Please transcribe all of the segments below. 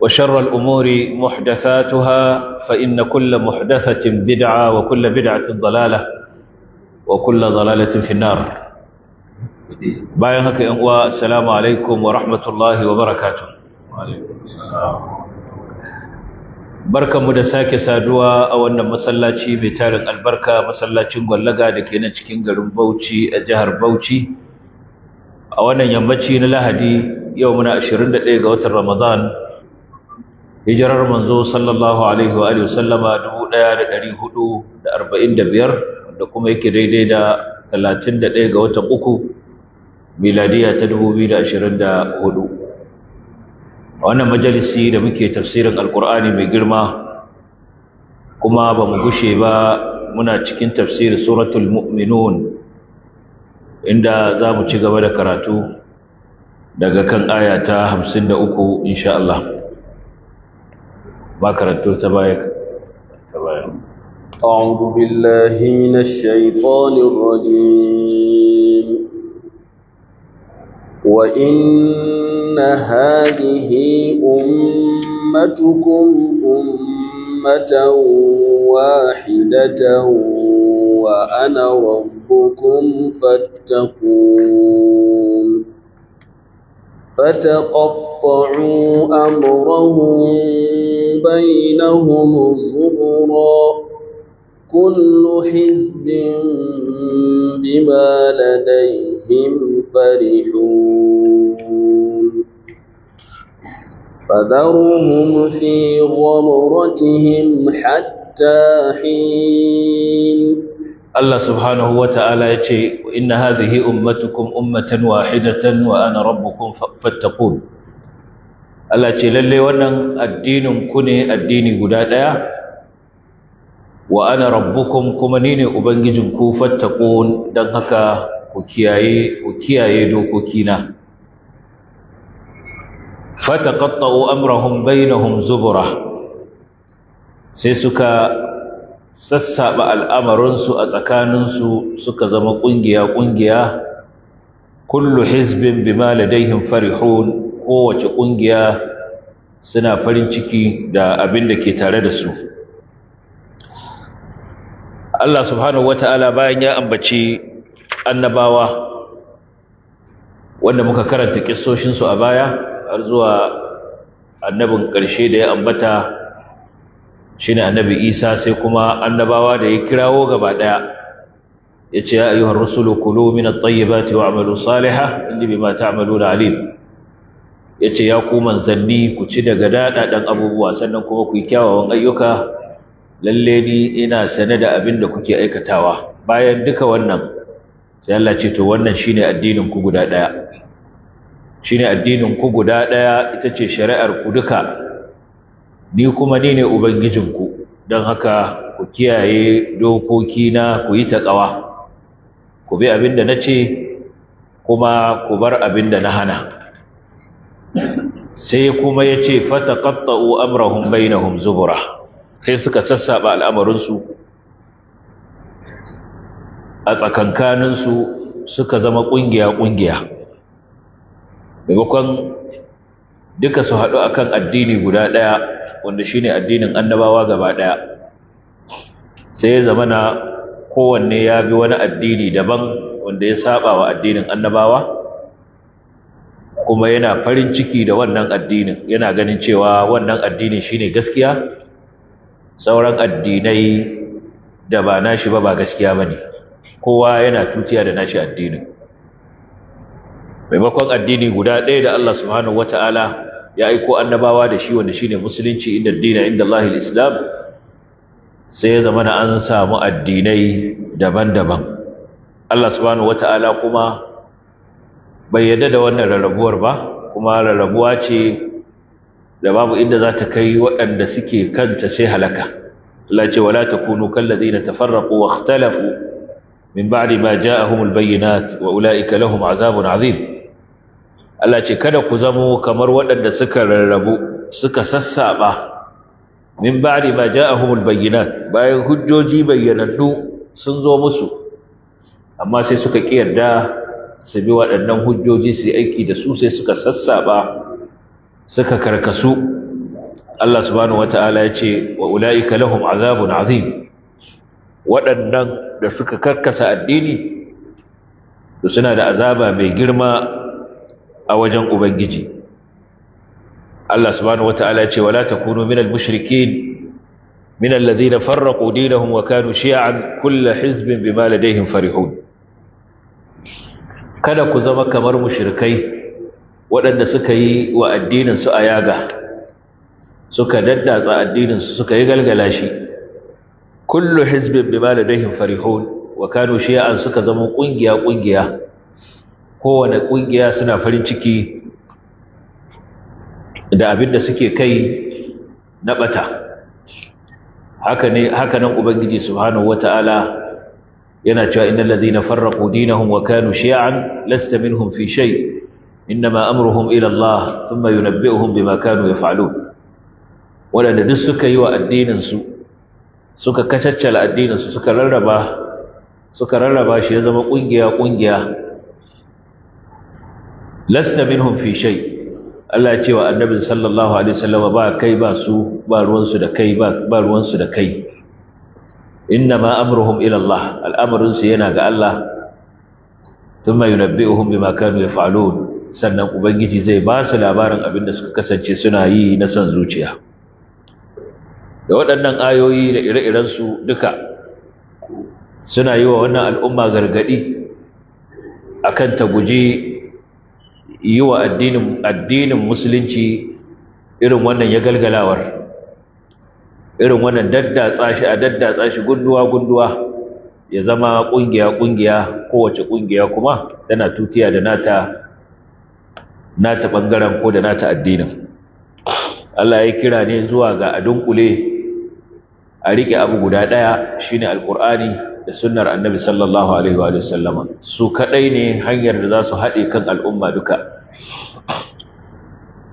وشر الأمور محدثاتها فإن كل محدثة بدعة وكل بدعة ضلالة وكل ضلالة في النار بايعك إنوا السلام عليكم ورحمة الله وبركاته barkan mu da sake saduwa a wannan masallaci mai tarin albarka masallacin gwallaga da ke nan cikin garin Bauchi a jihar Bauchi a wannan yammaci na Lahadi yau muna 21 ga watan Ramadan hijirar manzo sallallahu alaihi wa sallama 1445 da kuma yake daidai da 31 ga watan uku miladiya ta 2024 a wannan majalisi da muke tafsirin alkur'ani mai girma kuma ba mu gushe ba muna cikin tafsirin suratul mu'minun inda za mu ci gaba da karatu daga kan aya ta 53 insha Allah بكرة تبايك تبايك أعوذ بالله من الشيطان الرجيم وإن هذه أمتكم أمة واحدة وأنا ربكم فاتقون فتقطعوا أمرهم بينهم زبرا كل حزب بما لديهم فرحون فذرهم في غمرتهم حتى حين الله سبحانه وتعالى يقول إن هذه أمتكم أمة واحدة وأنا ربكم فاتقون Allah ce lalle wannan addinin ku ne addini guda ɗaya wa ana rabbukum kuma ni ne ubangijin ku fattaqun dan haka ku kiyaye ku kiyaye dokokina fataqatta'u amrahum bainahum zubura sai suka sassaba al'amarinsu a tsakaninsu suka zama ƙungiya-ƙungiya kullu hizbin bima ladaihim farihun kowace ƙungiya suna farin ciki da abin da ke tare da su Allah subhanahu wata'ala bayan ya ambaci annabawa wanda muka karanta kissoshinsu a baya har zuwa annabin ƙarshe da ya ambata shine annabi Isa sai kuma annabawa da ya kirawo gaba daya yace ya ayyuhar rusulu kulu at tayyibati wa'malu salihan inni bima ta'maluna alim ya ce ya ku manzanni ku ci daga daɗaɗen abubuwa sannan kuma ku yi kyawawan ayyuka lalle ni ina sane da abin da kuke aikatawa bayan duka wannan sai Allah ce to wannan shine addinin ku guda ɗaya shine addinin ku guda ɗaya ita ce shari'ar ku duka ni kuma ni ne ku don haka ku kiyaye dokoki na ku yi taƙawa ku bi abin da na ce kuma ku bar abin da na hana sai kuma ya ce fata ƙatta'u amurahun bainahun zubura sai suka sassaɓa al'amarinsu a tsakankaninsu suka zama ƙungiya-ƙungiya maimakon duka su haɗu a kan addini guda ɗaya wanda shi ne addinin annabawa gaba ɗaya sai ya zama na kowanne ya bi wani addini daban wanda ya saba wa addinin annabawa kuma yana farin ciki da wannan addinin yana ganin cewa wannan addinin shine gaskiya sauran addinai da ba nashi ba ba gaskiya bane kowa yana tutiya da nashi addinin maimakon addini guda ɗaya da Allah subhanahu wataala ya aiko annabawa da shi wanda shine musulunci inda addina inda Allahil Islam sai ya zama an samu addinai daban-daban Allah subhanahu wataala kuma bai yadda da wannan rarrabuwar ba kuma rarrabuwa ce da babu inda za ta kai waɗanda suke kanta sai halaka Allah ce wala takunu kallazina tafarraqu wa ikhtalafu min ba'di ma ja'ahumul bayyinat wa ulaika lahum azabun azim Allah ce kada ku zamo kamar waɗanda suka rarrabu suka sassaba min ba'di ma ja'ahumul bayyinat bayan hujjoji bayyanannu sun zo musu amma sai suka yarda. su bi waɗannan hujjoji su yi aiki da su sai suka sassaɓa, suka karkasu Allah subhanahu wata'ala ya ce wa ula'ika lahum azabun azim waɗannan da suka karkasa addini to suna da azaba mai girma a wajen ubangiji Allah subhanahu wata'ala ya ce wala takunu minal mushrikin minal ladhina farraqu dinahum wa kanu shi'an kullu hizbin bima ladayhim farihun kada ku zama kamar mushrikai waɗanda suka yi wa addininsu a yaga suka daddatsa addininsu suka yi galgala shi kullu hizbin ma ladaihim farihun wa kanu shi'an suka zama ƙungiya kungiya kowane ƙungiya suna farin ciki da abin da suke kai na ɓata, haka ne haka nan ubangiji subhanahu wataala yana cewa innal ladina farraqu dinahum wa kanu shi'an lasta minhum fi shay innama amruhum ila Allah thumma yunabbi'uhum bima kanu yaf'alun wadanda duk suka yi wa addinin su suka kacaccala addinin su suka rarraba suka rarraba shi ya zama kungiya kungiya lasta minhum fi shay Allah ya ce wa annabi sallallahu alaihi wasallam ba kai ba su ba ruwan su da kai ba ruwan su da kai inna amruhum ila ilallah al'amarin yana ga Allah thumma yunabbi'uhum bima kanu yaf'alun sannan ubangiji zai ba su labarin abin da suka kasance suna yi na san zuciya da waɗannan ayoyi da ire-iren su duka suna yi wa wannan al'umma gargadi akan ta guji yi wa addinin musulunci irin wannan ya galgalawar irin wannan daddatsa shi a daddatsa shi gunduwa gunduwa ya zama ƙungiya, kungiya kowace ƙungiya kuma tana tutiya da nata nata ɓangaren ko da nata addinin Allah ya kira ne zuwa ga adunkule a rike abu guda Shi shine Alƙur'ani da sunnar annabi sallallahu alaihi wa sallama su kaɗai ne hanyar da za su haɗe kan al'umma duka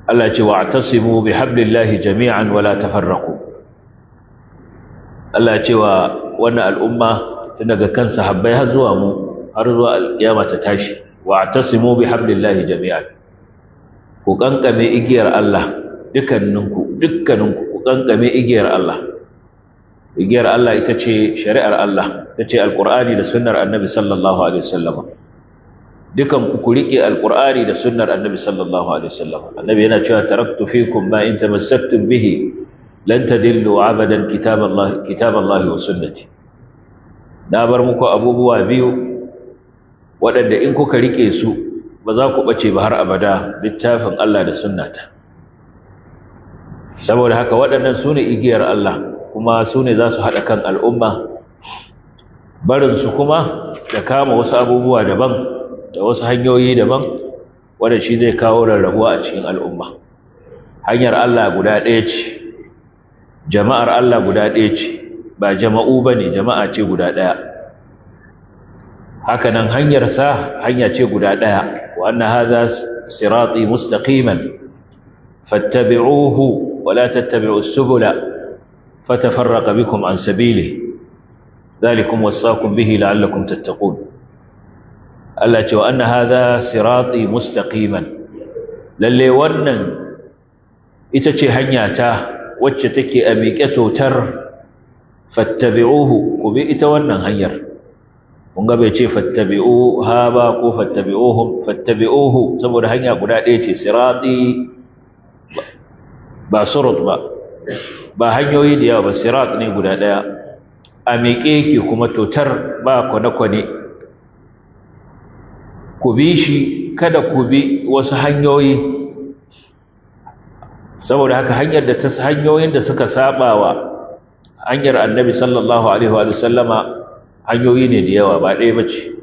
Allah ce wa bi bihablillahi jami'an wala tafarraku Allah ya ce wa wannan al'umma tun daga kan sahabbai har zuwa mu har zuwa alƙiyama ta tashi wa atasimu bihablillahi jami'an ku kankame igiyar Allah dukkaninku dukkaninku ku kankame igiyar Allah igiyar Allah ita ce shari'ar Allah ita ce Alƙur'ani da sunnar annabi sallallahu alaihi wasallam dukan ku rike Alƙur'ani da sunnar annabi sallallahu alaihi wasallam annabi yana cewa taraktu fikum ma in tamassaktum bihi lan tadillu abadan kitab Allah wa sunnati na bar muku abubuwa biyu waɗanda in kuka rike su ba za ku bace ba har abada littafin Allah da sunnata saboda haka waɗannan sune igiyar Allah kuma sune za su haɗa kan al'umma barin su kuma da kama wasu abubuwa daban da wasu hanyoyi daban wanda shi zai kawo rarrabuwa a cikin al'umma hanyar Allah guda ɗaya ce jama'ar Allah guda ɗaya ce ba jama'u ba ne jama'a ce guda ɗaya haka nan hanyarsa hanya ce guda ɗaya wa anna haza sirati mustaqiman fattabi'uhu wa la tattabi'u subula fatafarraqa bikum an sabilihi dhalikum wasaqum bihi la'allakum tattaqun Allah ce wa anna hadha sirati mustaqiman lalle wannan ita ce hanya ta wacce take a miƙe totar fattabi'uhu ku bi ita wannan hanyar kun ga bai ce fattabi'u ha ba ko fattabi'uhum fattabi'uhu saboda hanya guda ɗaya ce sirati ba surat ba ba hanyoyi da yawa ba sirat ne guda ɗaya a miƙe yake kuma totar ba kwane-kwane ku bi shi kada ku bi wasu hanyoyi saboda haka hanyar da ta hanyoyin da suka saba wa hanyar annabi sallallahu alaihi wa sallama hanyoyi ne da yawa ba ɗaya bace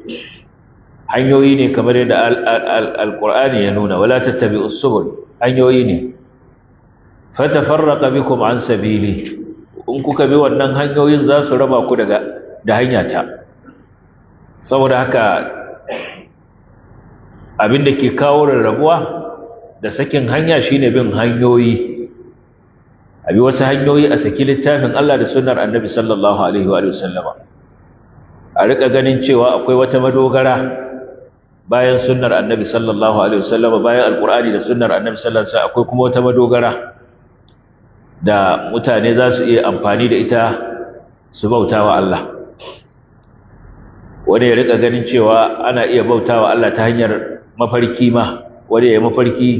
hanyoyi ne kamar yadda alqur'ani ya nuna wala tattabi'u subul hanyoyi ne fatafarraqa bikum an sabili in kuka bi wannan hanyoyin za su raba ku daga da ta? saboda haka abin da ke kawo rarrabuwa da sakin hanya shine bin hanyoyi abi wasu hanyoyi a saki littafin Allah da sunnar annabi sallallahu alaihi wa sallama a rika ganin cewa akwai wata madogara bayan sunnar annabi sallallahu alaihi wa sallama bayan alqur'ani da sunnar annabi sallallahu alaihi wa sallama akwai kuma wata madogara da mutane za su iya amfani da ita su bauta wa Allah wanda ya rika ganin cewa ana iya bauta wa Allah ta hanyar mafarki ma wani ya yi mafarki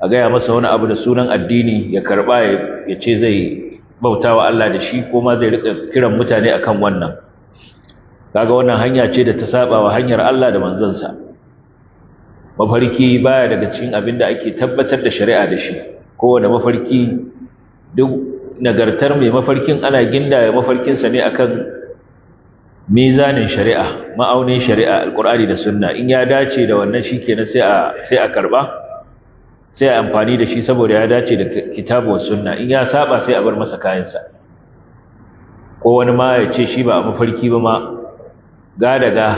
a gaya masa wani abu da sunan addini ya karba ya ce zai bauta wa Allah da shi ko ma zai rika kiran mutane akan wannan kaga wannan hanya ce da ta saba wa hanyar Allah da manzansa mafarki baya daga cikin abin da ake tabbatar da shari'a da shi kowane mafarki duk nagartar mai mafarkin ana ginda mafarkinsa ne akan mizanin shari'a ma'aunin shari'a alkur'ani da sunna in ya dace da wannan kenan sai a sai a karba sai a amfani da shi saboda ya dace da kitabu wa sunna in ya saba sai a bar masa kayansa ko wani ma ya ce shi ba a mafarki ba ma ga daga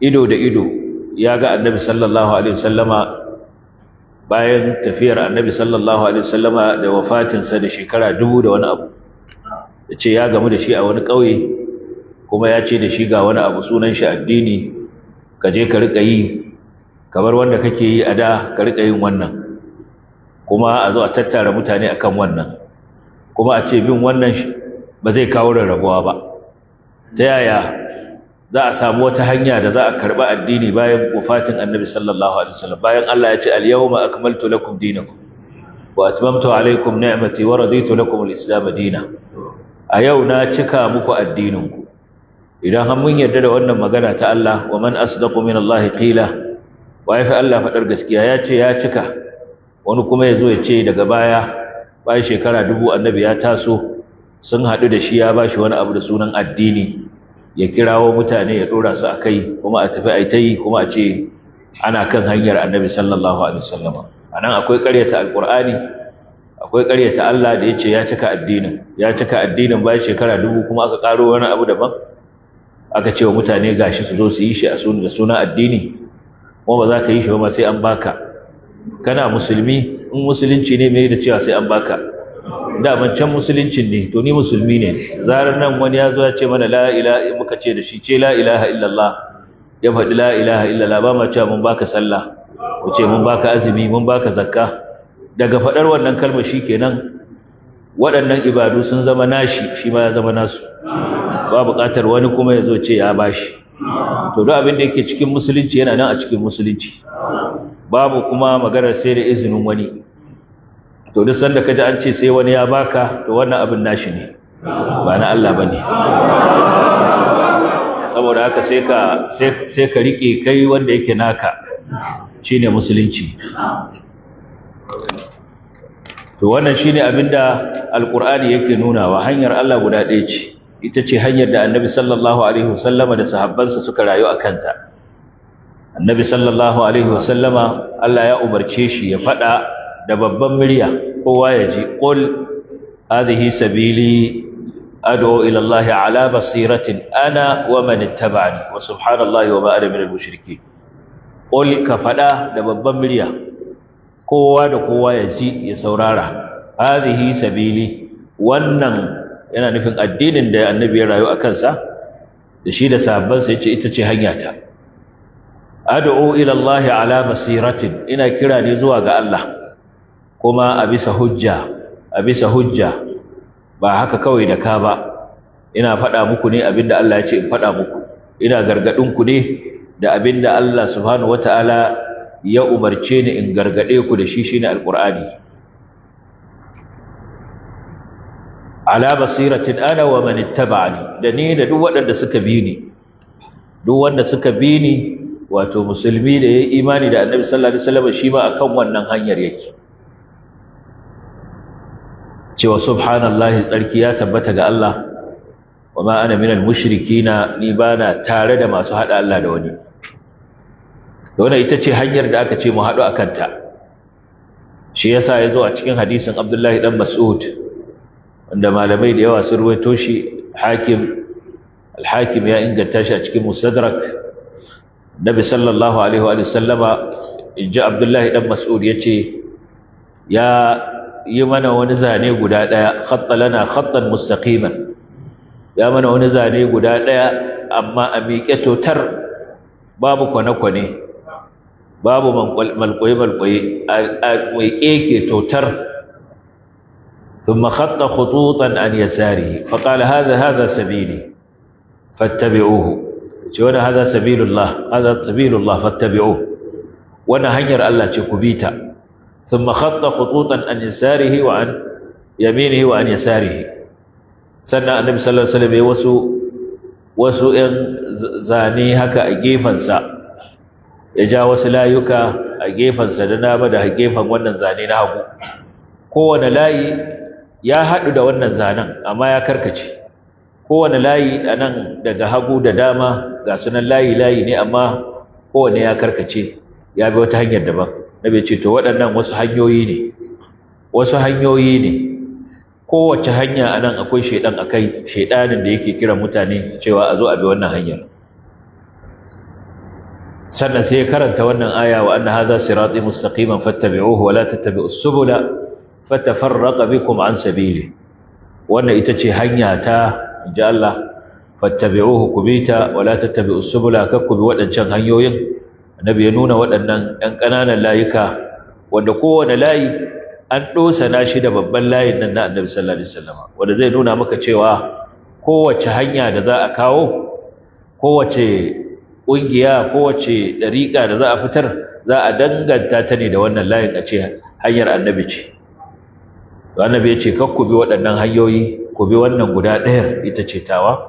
ido da ido ya ga annabi sallallahu alaihi wasallama bayan tafiyar annabi sallallahu alaihi wasallama da wafatinsa da shekara dubu da wani abu ya ce ya gamu da shi a wani ƙauye kuma ya ce da shi ga wani abu sunan shi addini ka je ka riƙa yi kamar wanda kake yi a da ka riƙa yin wannan kuma a zo a tattara mutane akan wannan kuma a ce bin wannan ba zai kawo rarrabuwa ba ta yaya za a samu wata hanya da za a karɓi addini bayan wafatin annabi sallallahu alaihi wasallam bayan Allah ya ce al-yawma akmaltu lakum dinakum wa atmamtu alaikum ni'mati wa raditu lakum al-islam a yau na cika muku addininku idan har mun yarda da wannan magana ta Allah wa man asdaqu min Allah qila wa yafi Allah fadar gaskiya ya ce ya cika wani kuma ya zo ya ce daga baya bayan shekara dubu annabi ya taso sun haɗu da shi ya ba shi wani abu da sunan addini ya kirawo mutane ya dora su a kai kuma a tafi a kuma a ce ana kan hanyar annabi sallallahu alaihi wasallama a nan akwai ƙaryata alƙur'ani akwai ƙaryata Allah da ya ce ya cika addinin ya cika addinin bayan shekara dubu kuma aka karo wani abu daban aka ce wa mutane gashi su zo su yi shi a da suna addini kuma ba za ka yi shi ba sai an baka kana musulmi in musulunci ne mai da cewa sai an baka daman can musuluncin ne to ni musulmi ne zarar nan wani ya zo ya ce mana la ilaha muka ce da shi ce la ilaha illallah ya faɗi la ilaha illallah ba ma cewa mun baka sallah Ku ce mun baka azumi mun baka zakka daga faɗar wannan kalmar kenan waɗannan ibadu sun zama nashi shi ma ya zama nasu ba buƙatar wani kuma ya zo ce ya bashi to duk abin da yake cikin musulunci yana nan a cikin musulunci babu kuma maganar sai da izinin wani to duk sanda kaji an ce sai wani ya baka to wannan abin nashi ne ba na Allah bane saboda haka sai ka sai ka rike kai wanda yake naka shine musulunci to wannan shine abinda alqur'ani yake nuna wa hanyar Allah guda ɗaya ce ita ce hanyar da annabi sallallahu alaihi wasallama da sahabbansa suka rayu a kanta. annabi sallallahu alaihi wasallama Allah ya umarce shi ya faɗa da babban murya kowa ya ji qul hadhihi sabili ad'u ila Allah ala basiratin ana wa man ittaba'ani wa subhanallahi wa ma ana minal mushrikeen qul ka faɗa da babban murya kowa da kowa ya ji ya saurara hadhihi sabili wannan yana nufin addinin da annabi ya rayu a kansa da shi da sahabbansa ya ce ita ce hanyata ad'u ila Allah ala basiratin ina kira ne zuwa ga Allah kuma a bisa hujja a bisa hujja ba haka kawai da ka ba ina faɗa muku ne abinda Allah ya ce in faɗa muku ina gargaɗin ku ne da abinda Allah subhanahu wataala ya umarce ni in gargaɗe ku da shi shine alqur'ani ala basiratin ana wa man ni da ni da duk waɗanda suka bi ni duk wanda suka bi ni wato musulmi da ya imani da annabi sallallahu alaihi wasallam shi ma akan wannan hanyar yake cewa subhanallahi tsarki ya tabbata ga Allah wa ma ana minal mushrikina ni na tare da masu hada Allah da wani wannan ita ce hanyar da aka ce mu haɗu akan ta shi yasa ya zo a cikin hadisin Abdullahi dan Mas'ud wanda malamai da yawa sun ruwaito shi hakim al ya inganta shi a cikin musadrak nabi sallallahu alaihi wa sallama inji abdullahi dan mas'ud yace ya yi mana wani zane guda ɗaya, khatta lana khattan mustaqiman ya mana wani zane guda ɗaya amma a miƙe totar babu kwane-kwane babu malƙwaye-malƙwaye a miƙe ke totar ثم خط خطوطا عن يساره فقال هذا هذا سبيلي فاتبعوه وانا هذا سبيل الله هذا سبيل الله فاتبعوه وانا هنير الله تكبيتا ثم خط خطوطا عن يساره وعن يمينه وعن يساره سنة النبي صلى الله عليه وسلم وسو وسو إن زاني هكا أجيفا سأ ya ja wasu layuka a gefensa da dama da gefen wannan zane na hagu kowane layi ya haɗu da wannan zanen amma ya karkace kowane layi a nan daga hagu da dama ga sunan layi-layi ne amma kowane ya karkace ya bi wata hanyar daban na bai ce to waɗannan wasu hanyoyi ne wasu hanyoyi ne kowace hanya a nan akwai shaidan a kai shaidanin da yake kiran mutane cewa a zo a bi wannan hanyar sannan sai ya karanta wannan aya wa anna hadha siratun mustaqiman fattabi'uhu wa la tattabi'us subula fatafarraqa bikum an sabili wannan ita ce hanya ta inji Allah fattabi'uhu kubita wala tattabi'u subula kakku bi waɗancan hanyoyin annabi ya nuna waɗannan ɗan ƙananan layuka wanda kowane layi an ɗosa na shi da babban layin nan na annabi sallallahu alaihi wasallam wanda zai nuna maka cewa kowace hanya da za a kawo kowace ƙungiya kowace ɗariƙa da za a fitar za a danganta ta ne da wannan layin a ce hanyar annabi ce to annabi ya ce kar ku bi waɗannan hanyoyi ku bi wannan guda ɗayar ita ce tawa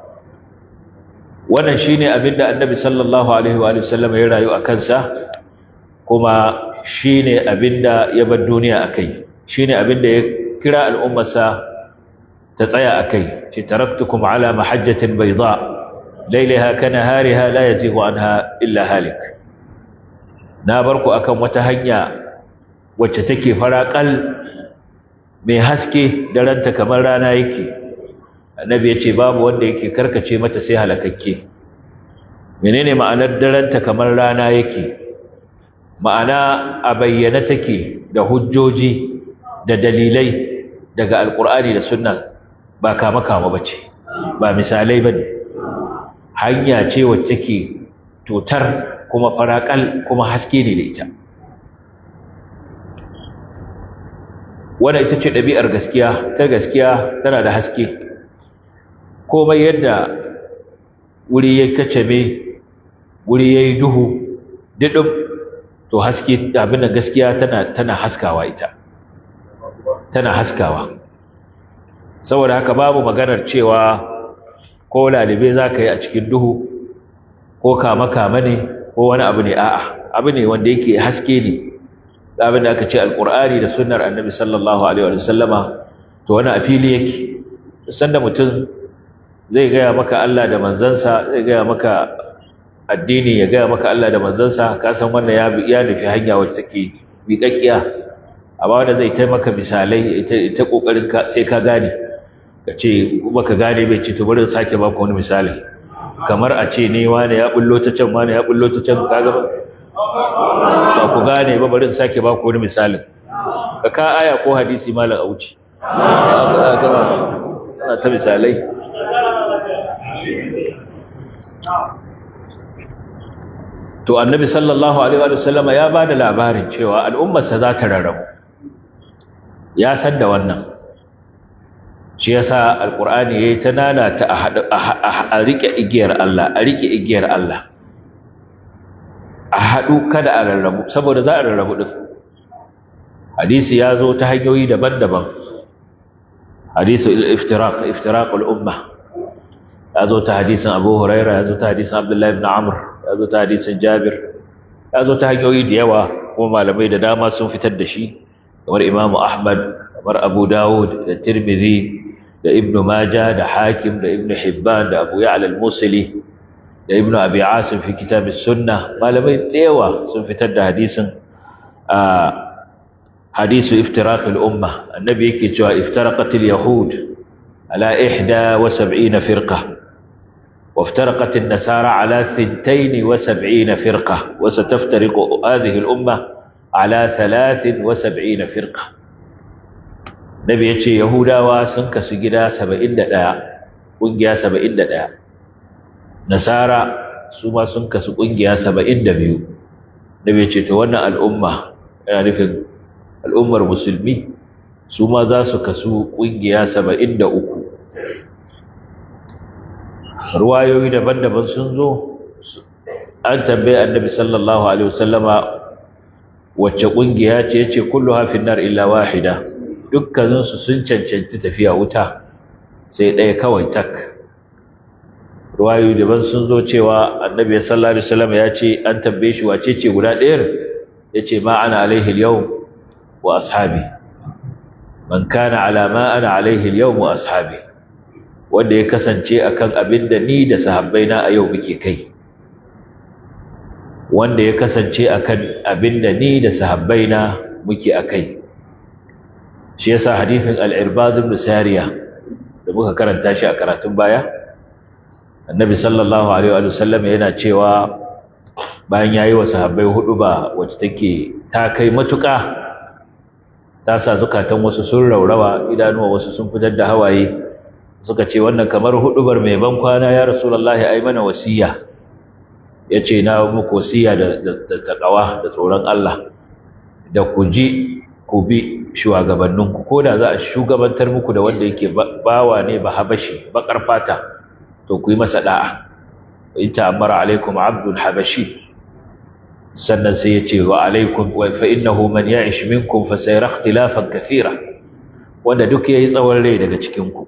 wannan ne abin da annabi sallallahu alaihi wa sallam ya rayu a kansa kuma ne abin da ya bar duniya akai ne abin da ya kira al'ummarsa ta tsaya akai ce taraktukum ala mahajjatin bayda lailaha kanahariha la yazighu ha, illa halik na barku akan wata hanya wacce take faraƙal. mai haske da ranta kamar rana yake annabi ya ce babu wanda yake karkace mata sai halakakke menene ma'anar daranta kamar rana yake ma'ana a bayyana take da hujjoji da dalilai daga alkur'ani da sunna ba kama kama bace ba misalai bane hanya ce wacce ke totar kuma farakal kuma haske ne da ita wadda ita ce ɗabi'ar gaskiya ta gaskiya tana da haske komai yadda wuri ya kacame wuri ya yi duhu diɗin to haske abin da gaskiya tana, tana haskawa ita tana haskawa saboda haka babu maganar cewa ko lalibe za ka yi a cikin duhu ko kama-kama ne ko wani abu ne a'a abu ne wanda yake haske ne abin da aka ce alqur'ani da sunnar annabi sallallahu alaihi wa sallama to wani a fili yake sanda mutum zai gaya maka Allah da manzansa zai gaya maka addini ya gaya maka Allah da manzansa ka san wannan ya ya nufi hanya wacce take miƙaƙƙiya amma wanda zai maka misalai ita kokarin ka sai ka gane ka ce kuma ka gane bai ce to bari sake baka wani misali kamar a ce ne wani ya bullo ta can wani ya bullo ta can kaga ba ku gane ba bari in sake ba ku wani misalin ka ka aya ko hadisi malam auci ana ta misalai to annabi sallallahu alaihi wa sallama ya ba da labarin cewa al'ummarsa za ta rarrabu ya san da wannan shi yasa alqur'ani yayi ta nana ta a rike igiyar Allah a rike igiyar Allah a haɗu kada a rarrabu saboda za a rarrabu ɗin hadisi ya zo ta hanyoyi daban-daban hadisu iftiraq iftiraq al'umma ya zo ta hadisin abu huraira ya zo ta hadisin abdullahi ibn Amur, ya zo ta hadisin jabir ya zo ta hanyoyi da yawa kuma malamai da dama sun fitar da shi kamar imamu ahmad kamar abu dawud da tirmidhi da ibnu maja da hakim da ibnu hibban da abu ya'la al-musili da ibn abi asim fi kitab sunna malamai tsewa sun fitar da hadisin a hadisu iftiraq al-umma annabi yake cewa iftaraqat al-yahud ala 71 firqa wa iftaraqat an-nasara ala 72 firqa wa sataftariqu hadhihi al-umma ala 73 firqa nabi yace yahudawa sun kasu gida 71 kungiya nasara su ma sun kasu ƙungiya saba'in da biyu da bai ce ta wannan al'umma yana nufin al'ummar musulmi su ma za su kasu ƙungiya saba'in da uku ruwayoyi daban-daban sun zo an tambaye annabi sallallahu alaihi wasallama wacce ƙungiya ce ya ce kullu hafin nar illa wahida dukkaninsu sun cancanci tafiya wuta sai ɗaya kawai tak ruwayoyi daban sun zo cewa annabi sallallahu alaihi wasallam ya ce an tambaye shi wace ce guda ɗayar ya ce ma ana alaihi yau wa ashabi man kana ala ma ana alaihi yau wa ashabi wanda ya kasance akan abin da ni da na a yau muke kai wanda ya kasance akan abin da ni da na muke akai shi yasa hadisin al-irbad ibn sariya da muka karanta shi a karatun baya annabi sallallahu alaihi wa sallam yana cewa bayan yayi wa sahabbai hudu ba wacce take ta kai matuka? ta sa zukatan wasu sun raurawa idanuwa wasu sun fitar da hawaye suka ce wannan kamar hudubar mai ban kwana ya rasulullahi ai mana wasiya yace na muku wasiya da takawa da tsoron Allah da ku ji ku bi shugabanninku ko da za a shugabantar muku da wanda yake bawa ne ba habashi baƙar fata to ku yi masa da'a in ta'ammara alaikum abdul habashi sannan sai ya ce wa alaikum wa fa innahu man ya'ish minkum fa sayara ikhtilafan kathira wanda duk yayi tsawon rai daga cikin ku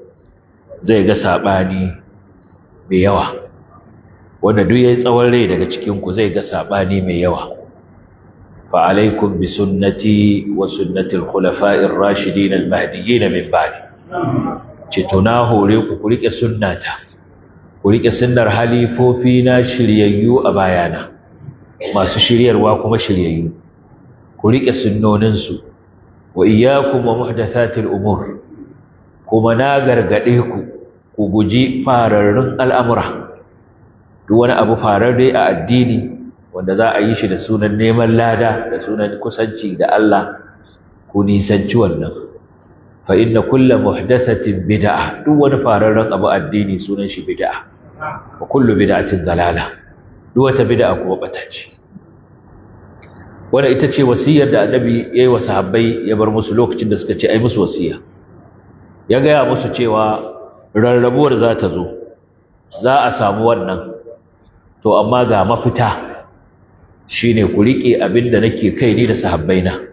zai ga sabani mai yawa wanda duk yayi tsawon rai daga cikin ku zai ga sabani mai yawa fa alaikum bi sunnati wa sunnati al-khulafa'i ar-rashidin al-mahdiyyin min ba'di na hore ku riƙe rike sunnata ku riƙe sunnar halifofi na shiryayyu a bayana masu shiryarwa kuma shiryayyu ku riƙe sunnoninsu wa iyyakum wa muhdathatil umur kuma na gargaɗe ku ku guji fararrun al'amura duk wani abu fararre a addini wanda za a yi shi da sunan neman lada da sunan kusanci da Allah ku nisanci wannan fa inna kulla muhdathatin bid'a duk wani fararren abu addini sunan shi bid'a wa kullu bid'atin dalala duk wata bid'a kuma bata ce wannan ita ce wasiyar da annabi ya yi wa sahabbai ya bar musu lokacin da suka ce ai musu wasiya ya gaya musu cewa rarrabuwar za ta zo za a samu wannan to amma ga mafita shine ku riƙe abin da nake kai ni da sahabbaina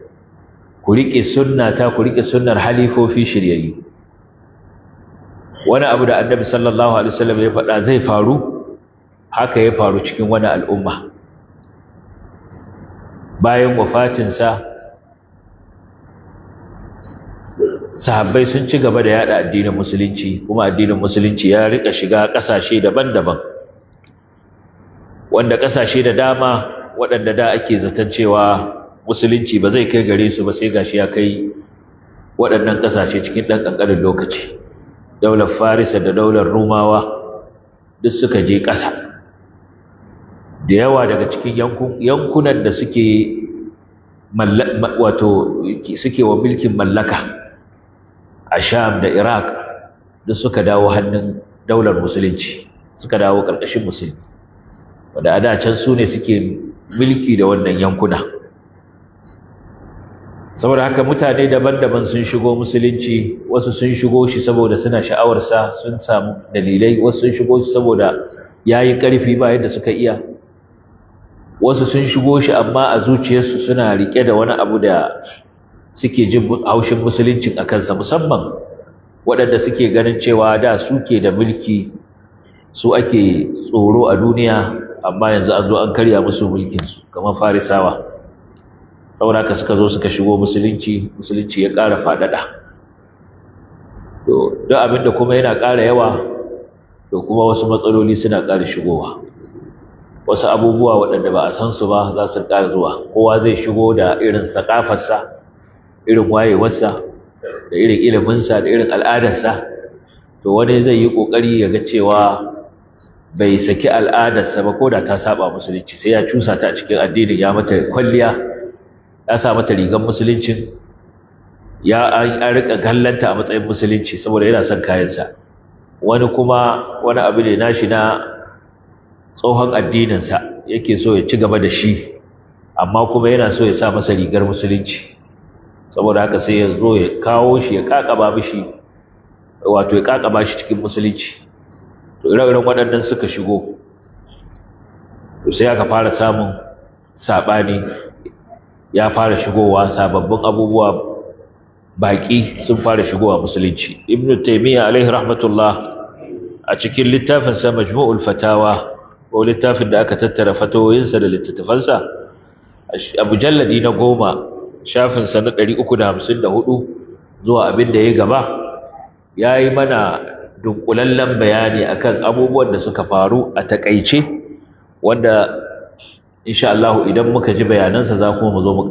ku riƙe ta ku riƙe sunnar halifofi shiryayyu wani abu da annabi sallallahu alaihi wasallam ya faɗa zai faru haka ya faru cikin wani al'umma bayan wafatinsa sahabbai sun ci gaba da yada addinin musulunci kuma addinin musulunci ya rika shiga ƙasashe daban-daban wanda ƙasashe da dama waɗanda da ake zaton cewa musulunci ba zai kai gare su ba sai gashi ya kai waɗannan ƙasashe cikin ɗan ƙanƙanin lokaci daular farisa da daular rumawa duk suka je ƙasa da yawa daga cikin yankunan da suke wato suke wa mulkin mallaka a sham da iraq duk suka dawo hannun daular musulunci suka dawo ƙarƙashin musulmi wadda a da can su ne suke mulki da wannan yankuna saboda haka mutane daban-daban sun shigo musulunci wasu sun shigo shi saboda suna sha'awarsa sun samu dalilai wasu sun shigo shi saboda ya yi ƙarfi ba yadda suka iya wasu sun shigo shi amma a zuciyarsu suna riƙe da wani abu da suke jin haushin musuluncin a kansa musamman waɗanda suke ganin cewa da suke da mulki su ake tsoro a duniya amma yanzu an zo an karya musu mulkinsu kamar farisawa saboda haka suka zo suka shigo musulunci musulunci ya ƙara faɗaɗa to duk abin da kuma yana ƙara yawa to kuma wasu matsaloli suna ƙara shigowa wasu abubuwa waɗanda ba a san su ba za su ƙara zuwa kowa zai shigo da irin sakafarsa irin wayewarsa da irin iliminsa da irin al'adarsa to wani zai yi ƙoƙari ya ga cewa bai saki al'adarsa ba ko da ta saba musulunci sai ya cusa ta a cikin addinin ya mata kwalliya ya sa mata rigar musuluncin ya an rika gallanta a matsayin musulunci saboda yana son kayansa wani kuma wani abu ne nashi na tsohon addininsa yake so ya ci gaba da shi amma kuma yana so ya sa masa rigar musulunci saboda haka sai ya ya kawo shi ya kakaba shi wato ya kakaba shi cikin musulunci to irin waɗannan suka shigo to sai aka fara samun saɓani ya fara shigowa sababbin abubuwa baƙi sun fara shigowa musulunci ibn taymiya alaihi rahmatullah a cikin littafinsa majmu'ul fatawa ko littafin da aka tattara fatawoyinsa da littattafansa a mujalladi na goma shafinsa na 354 zuwa abin da ya gaba ya yi mana dunkulallen bayani akan abubuwan da suka faru a takaice wanda insha Allah idan muka ji bayanansa za kuma mu zo mu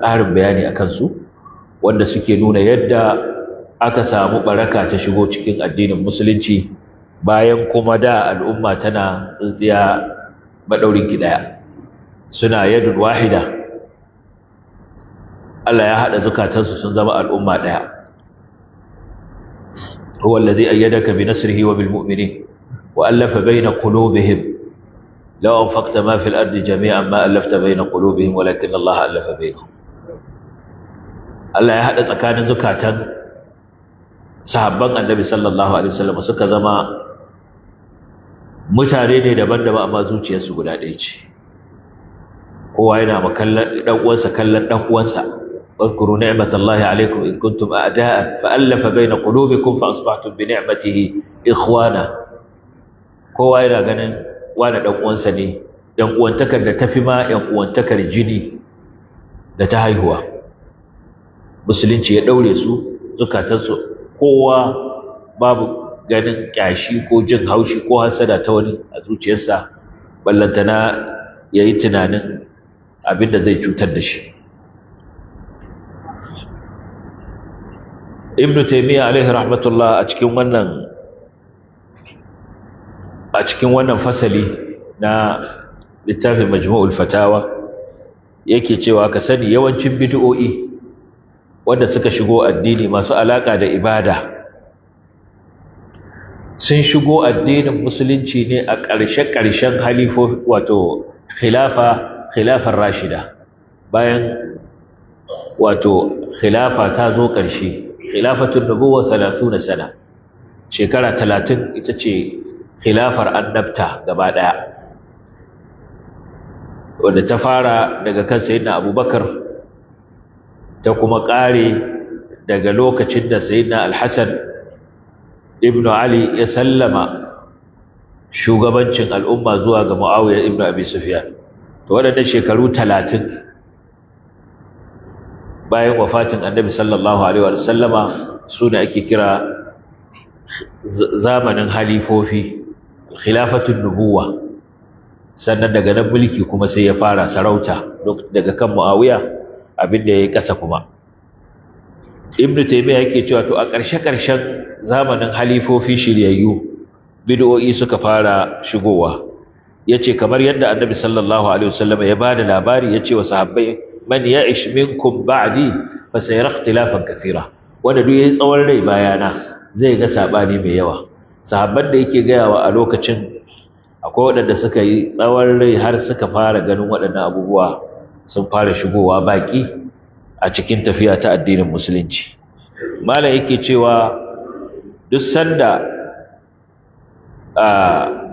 ƙarin bayani a su wanda suke nuna yadda aka samu baraka ta shigo cikin addinin musulunci bayan kuma da al'umma tana tsintsiya maɗaurin kiɗaya suna yadun wahida Allah ya haɗa zukatansu sun zama al'umma ɗaya huwa allazi ayyadaka bi nasrihi wa bil mu'minin allafa baina qulubihim لو أنفقت ما في الأرض جميعا ما ألفت بين قلوبهم ولكن الله ألف بينهم Allah ya haɗa tsakanin zukatan sahabban annabi sallallahu suka zama mutane ne daban-daban amma zuciyarsu guda ɗaya ce kowa yana ma kallon ɗan uwansa kallon ɗan uwansa واذكروا نعمة الله عليكم إذ كنتم أعداء فألف بين قلوبكم فأصبحتم بنعمته إخوانا kowa yana ganin wane ɗan uwansa ne yan uwantakar da ta fi ma yan uwantakar jini da ta haihuwa musulunci ya ɗaure su zukatansu kowa babu ganin ƙyashi ko jin haushi ko hasada ta wani a zuciyarsa ballantana ya yi tunanin abin da zai cutar da shi ibnu taimiyya alaihi rahmatullah a cikin wannan a cikin wannan fasali na littafin majmu'ul fatawa yake cewa ka sani yawancin bid'o'i wanda suka shigo addini masu alaka da ibada sun shigo addinin musulunci ne a ƙarshe-ƙarshen halifo wato khilafa khilafar rashida bayan wato khilafa ta zo ƙarshe khilafatun nubuwa 30 sana shekara 30 ita ce khilafar annabta gaba ɗaya wadda ta fara daga kan sayyidina abubakar ta kuma ƙare daga lokacin da sayyidina alhassan ibnu ali ya sallama shugabancin al'umma zuwa ga mu'awiyar ibnu abi sufyan to wadannan shekaru talatin bayan wafatin annabi sallallahu alaihi wa sallama su ne ake kira zamanin halifofi khilafatun nubuwa sannan daga nan mulki kuma sai ya fara sarauta daga kan muawiya abinda yayi ƙasa kuma ibn taymiya yake cewa to a ƙarshe ƙarshen zamanin halifofi shiryayyu bid'o'i suka fara shigowa yace kamar yadda annabi sallallahu alaihi wasallam ya da labari ce wa sahabbai man ya'ish minkum ba'di fa sayara ikhtilafan kathira wanda duk yayi tsawon rai bayana zai ga saɓani mai yawa sahabban da yake gayawa a lokacin akwai waɗanda suka yi tsawon rai har suka fara ganin waɗannan abubuwa sun fara shigowa baƙi a cikin tafiya ta addinin musulunci malam yake cewa duk sanda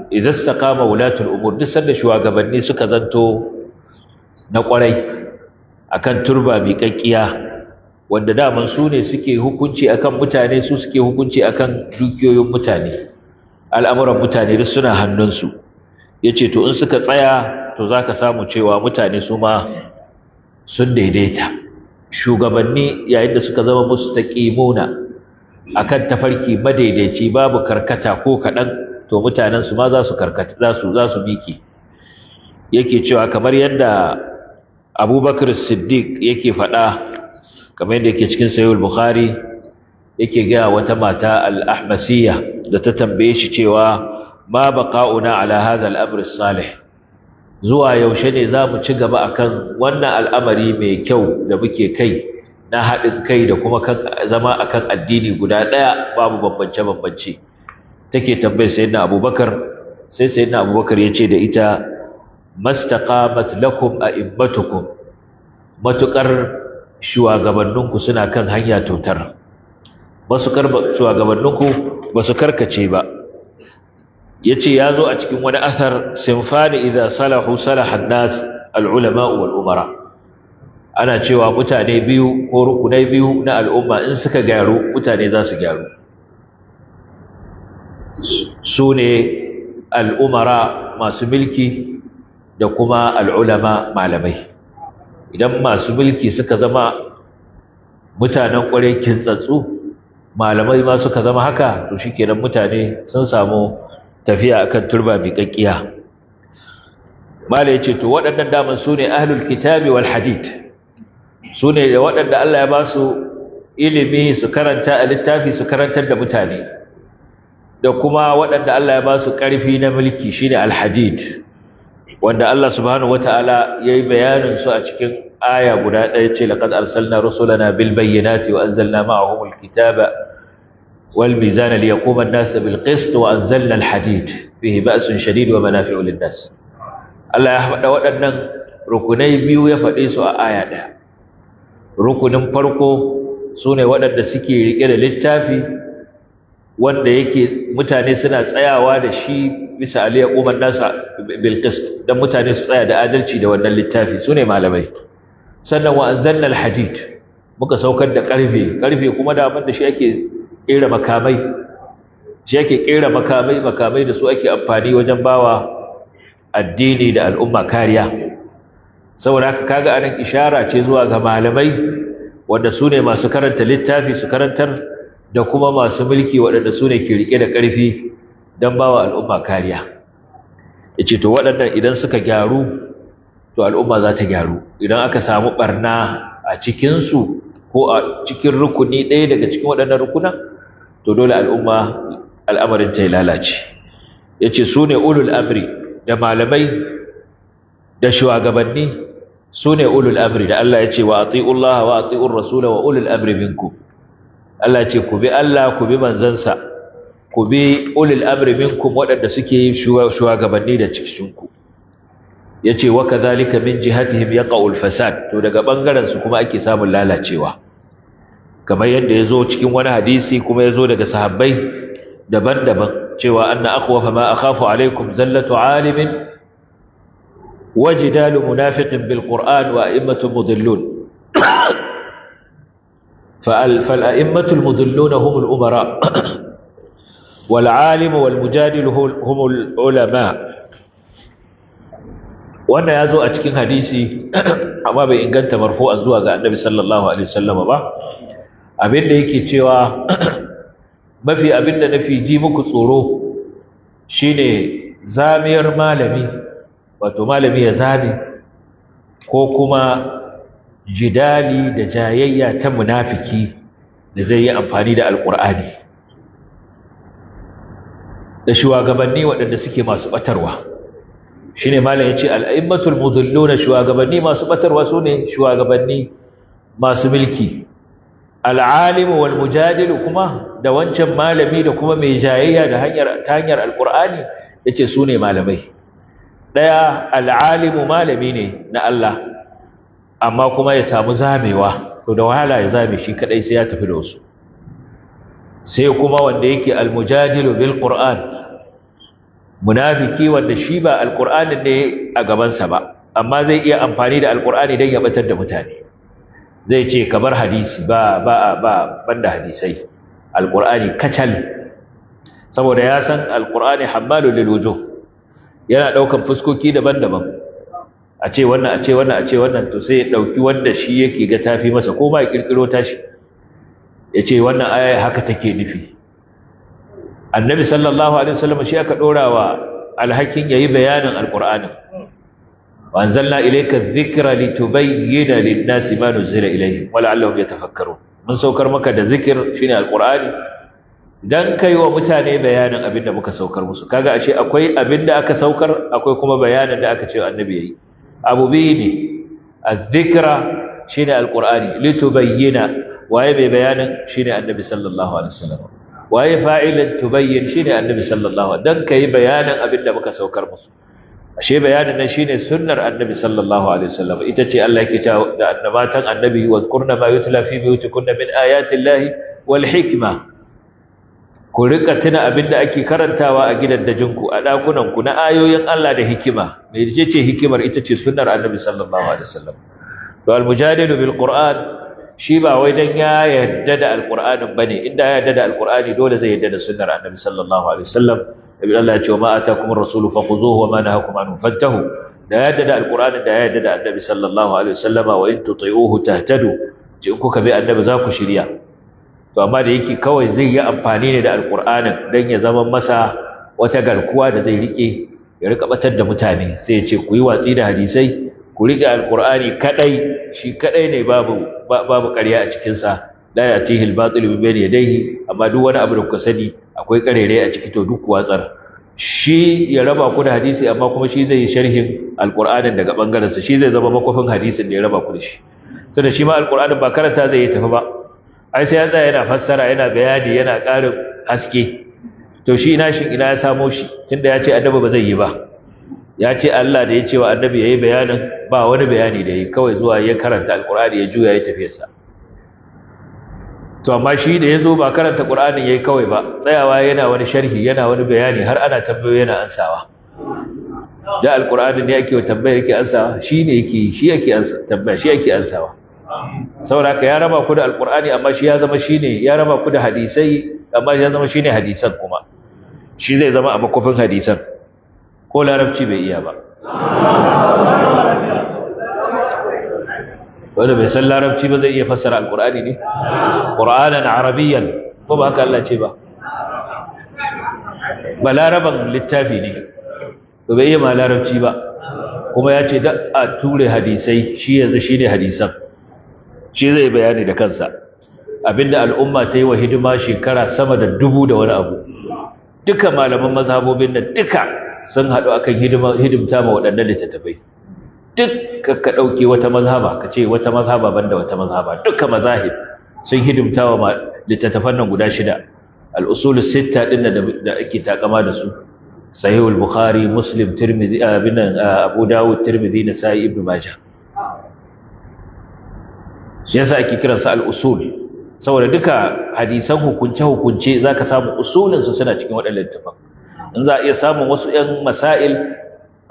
idan kama wulatul umur duk sanda shugabanni suka zanto na kwarai akan turba miƙaƙƙiya wanda daman su ne suke hukunci akan mutane su suke hukunci akan dukiyoyin mutane al'amuran mutane duk suna hannunsu ya ce to in suka tsaya to za ka samu cewa mutane su ma sun daidaita shugabanni yayin da suka zama musu mustaqimuna akan tafarki madaidaici babu karkata ko kaɗan to mutanen su ma za su karkata za su za su miƙe yake cewa kamar yadda abubakar siddiq yake faɗa kamar yadda yake cikin sahih bukhari yake gaya wata mata al-ahmasiyya da ta tambaye shi cewa ma baqauna ala hadha al-amr salih zuwa yaushe ne za mu ci gaba akan wannan al'amari mai kyau da muke kai na haɗin kai da kuma kan zama akan addini guda ɗaya babu bambance-bambance take tambayar sayyidina abubakar sai sayyidina abubakar ya ce da ita mastaqamat lakum a'immatukum matuƙar. shugabanninku suna kan hanya totar ba su shugabanninku ba su karkace ba ya ce ya zo a cikin wani athar simfani idan salahu salahan nas al'ulama wal ana cewa mutane biyu ko rukunai biyu na al'umma in suka gyaru mutane za su gyaru su ne al'umara masu milki da kuma al'ulama malamai idan masu mulki suka zama mutanen ƙwarai kintsatsu malamai ma suka zama haka to shikenan mutane sun samu tafiya akan turba miƙaƙƙiya malai yace to waɗannan daman sune ahlul kitabi wal hadid sune da waɗanda Allah ya ba su ilimi su karanta a littafi su karantar da mutane da kuma waɗanda Allah ya ba su ƙarfi na mulki shine al hadid wanda Allah subhanahu wataala yayi bayanin su a cikin aya guda ɗaya ce laqad arsalna rusulana bil bayyanati wa anzalna ma'ahum al kitaba wal mizana liyaquma an-nas bil qist wa anzalna al hadid fihi ba'sun shadid wa manafi'u lin nas Allah ya faɗa waɗannan rukunai biyu ya faɗe su a aya ɗaya rukunin farko sune waɗanda suke rike da littafi wanda yake mutane suna tsayawa da shi bisa ya yaquban nasa bil don mutane su tsaya da adalci da wannan littafi sune malamai sannan wa anzalna alhadid muka saukar da karfe karfe kuma da abin da shi ake kera makamai shi ake makamai makamai da su ake amfani wajen bawa addini da al'umma kariya saboda haka kaga anan ishara ce zuwa ga malamai wanda su ne masu karanta littafi su karantar da kuma masu mulki waɗanda su ne ke riƙe da ƙarfi don bawa al'umma kariya yace to waɗannan idan suka gyaru to al'umma za ta gyaru idan aka samu ɓarna a cikinsu ko a cikin rukuni ɗaya daga cikin waɗannan rukunan to dole al'umma al'amarin ta lalace yace su ne ulul amri da malamai da shugabanni su ne ulul amri da Allah ya ce wa ati'ullaha wa ati'ur rasula wa ulul amri minkum Allah ce ku bi Allah ku bi manzansa ku bi ulil amri minkum waɗanda suke shugabanni da cikinku ce wa kadhalika min jihatihim yaqa'u ƙa'ul fasad to daga bangaren su kuma ake samun lalacewa kamar yadda ya zo cikin wani hadisi kuma ya zo daga sahabbai daban-daban cewa anna akhwafa ma akhafu alaikum zallatu alimin wajidalu jidalu munafiqin bil qur'an wa a'immatu mudillun fa al a'immatu al mudillun hum al umara wal alim wal mujadil humul ulama wannan ya zo a cikin hadisi amma bai inganta marfu'an zuwa ga annabi sallallahu alaihi wasallam ba abin da yake cewa mafi abin da nafi ji muku tsoro shine zamiyar malami wato malami ya zame ko kuma jidali da jayayya ta munafiki da zai yi amfani da alkur'ani da shugabanni waɗanda suke masu Shi ne malam yace al-a'immatul mudhilluna shugabanni masu batarwa sune shugabanni masu milki al wal mujadilu kuma da wancan malami da kuma mai jayayya da hanyar ta hanyar ce yace sune malamai Ɗaya al'alimu malami ne na Allah amma kuma ya samu zamewa to da wahala ya zame shi kadai sai ya tafi da wasu sai kuma wanda yake almujadilu bil qur'an munafiki wanda shi ba Alƙur'ani ne a gabansa ba amma zai iya amfani da alqur'ani dan ya batar da mutane zai ce kamar hadisi ba ba ba banda hadisai alqur'ani kacal saboda ya san alqur'ani hammalul lil wujuh yana daukan fuskoki daban-daban a ce wannan a ce wannan a ce wannan to sai ya dauki wanda shi yake ga tafi masa ko ba ya kirkiro tashi ya ce wannan aya haka take nufi annabi sallallahu alaihi wasallam shi aka dora wa alhakin yayi bayanin alqur'anin wa anzalna ilayka dhikra litubayyana lin-nasi ma nuzila ilayhim wa la'allahum yatafakkarun mun saukar maka da zikir shine alqur'ani dan kai wa mutane bayanin abinda muka saukar musu kaga ashe akwai abinda aka saukar akwai kuma bayanin da aka ce annabi yayi abu biyu ne adh-dhikra shine alqur'ani litubayyana waye mai bayanin shine annabi sallallahu alaihi wasallam waye fa'ilan tubayyin shine annabi sallallahu alaihi wasallam dan kai bayanin abin da muka saukar musu ashe bayanin nan shine sunnar annabi sallallahu alaihi wasallam ita ce Allah yake cewa da annabatan annabi wa zkurna ma yutla fi buyutikunna min ayati llahi wal hikma ku rika tuna abin ake karantawa a gidan gidaddajinku a ɗakunanku na ayoyin Allah da hikima mai ce hikimar ita ce sunnar annabi sallallahu alaihi wasallam to al mujadilu bil qur'an shi ba wai dan ya yadda da alqur'anin bane inda ya yadda da alqur'ani dole zai yarda da sunnar annabi sallallahu alaihi wasallam nabi Allah ya ce ma atakum rasulu fakhuzuhu wa ma nahakum anhu da ya yarda da alqur'ani da ya yarda da annabi sallallahu alaihi wasallam wa in tuti'uhu tahtadu in kuka bi annabi za ku shirya to amma da yake kawai zai yi amfani ne da alqur'anin dan ya zama masa wata garkuwa da zai rike ya rika batar da mutane sai ya ce ku yi watsi da hadisai ku riga alqur'ani kadai shi kadai ne babu babu ƙarya a cikin sa la yatihi al-batil ya bayni yadayhi amma duk wani abu da kuka sani akwai karere a ciki to duk watsar shi ya raba ku da hadisi amma kuma shi zai yi sharhin alqur'anin daga bangaren sa shi zai zama makofin hadisin da ya raba ku da shi to da shi ma alqur'anin ba karanta zai yi tafi ba ai sai ya tsaya yana fassara yana bayani yana ƙarin haske to shi ina shin ina ya samo shi tunda ya ce annabi ba zai yi ba ya ce Allah da ya ce wa annabi yayi bayanin ba wani bayani da yi kawai zuwa ya karanta alkur'ani ya juya ya tafi sa to amma shi da ya zo ba karanta ya yayi kawai ba tsayawa yana wani sharhi yana wani bayani har ana tambayo yana ansawa da alkur'anin ne yake tambaya yake ansawa shi ne yake shi yake ansa tambaya shi yake ansawa saboda ka ya raba ku da alkur'ani amma shi ya zama ne ya raba ku da hadisai amma ya zama ne hadisan kuma shi zai zama a makofin hadisan ko larabci bai iya ba wanda bai san larabci ba zai iya fassara alqur'ani ne qur'anan arabiyyan ko ba haka Allah ce ba ba littafi ne to bai iya ma larabci ba kuma ya ce da a ture hadisai shi yanzu shine hadisan shi zai bayani da kansa abinda al'umma ta yi wa hidima shekara sama da dubu da wani abu duka malaman mazhabobin da duka sun haɗu akan hidimta ma waɗannan littattafai duk ka ɗauke wata mazhaba ka ce wata mazhaba banda wata mazhaba duka mazahib sun hidimta wa littattafan nan guda shida al-usul sitta din da ake takama da su sahih al-bukhari muslim tirmidhi ah, abin ah, abu dawud tirmidhi sa'i ibn majah shi yasa ake kiransa al-usul saboda duka hadisan hukunce hukunce zaka samu usulin suna cikin waɗannan littafan in za a iya samun wasu ƴan masail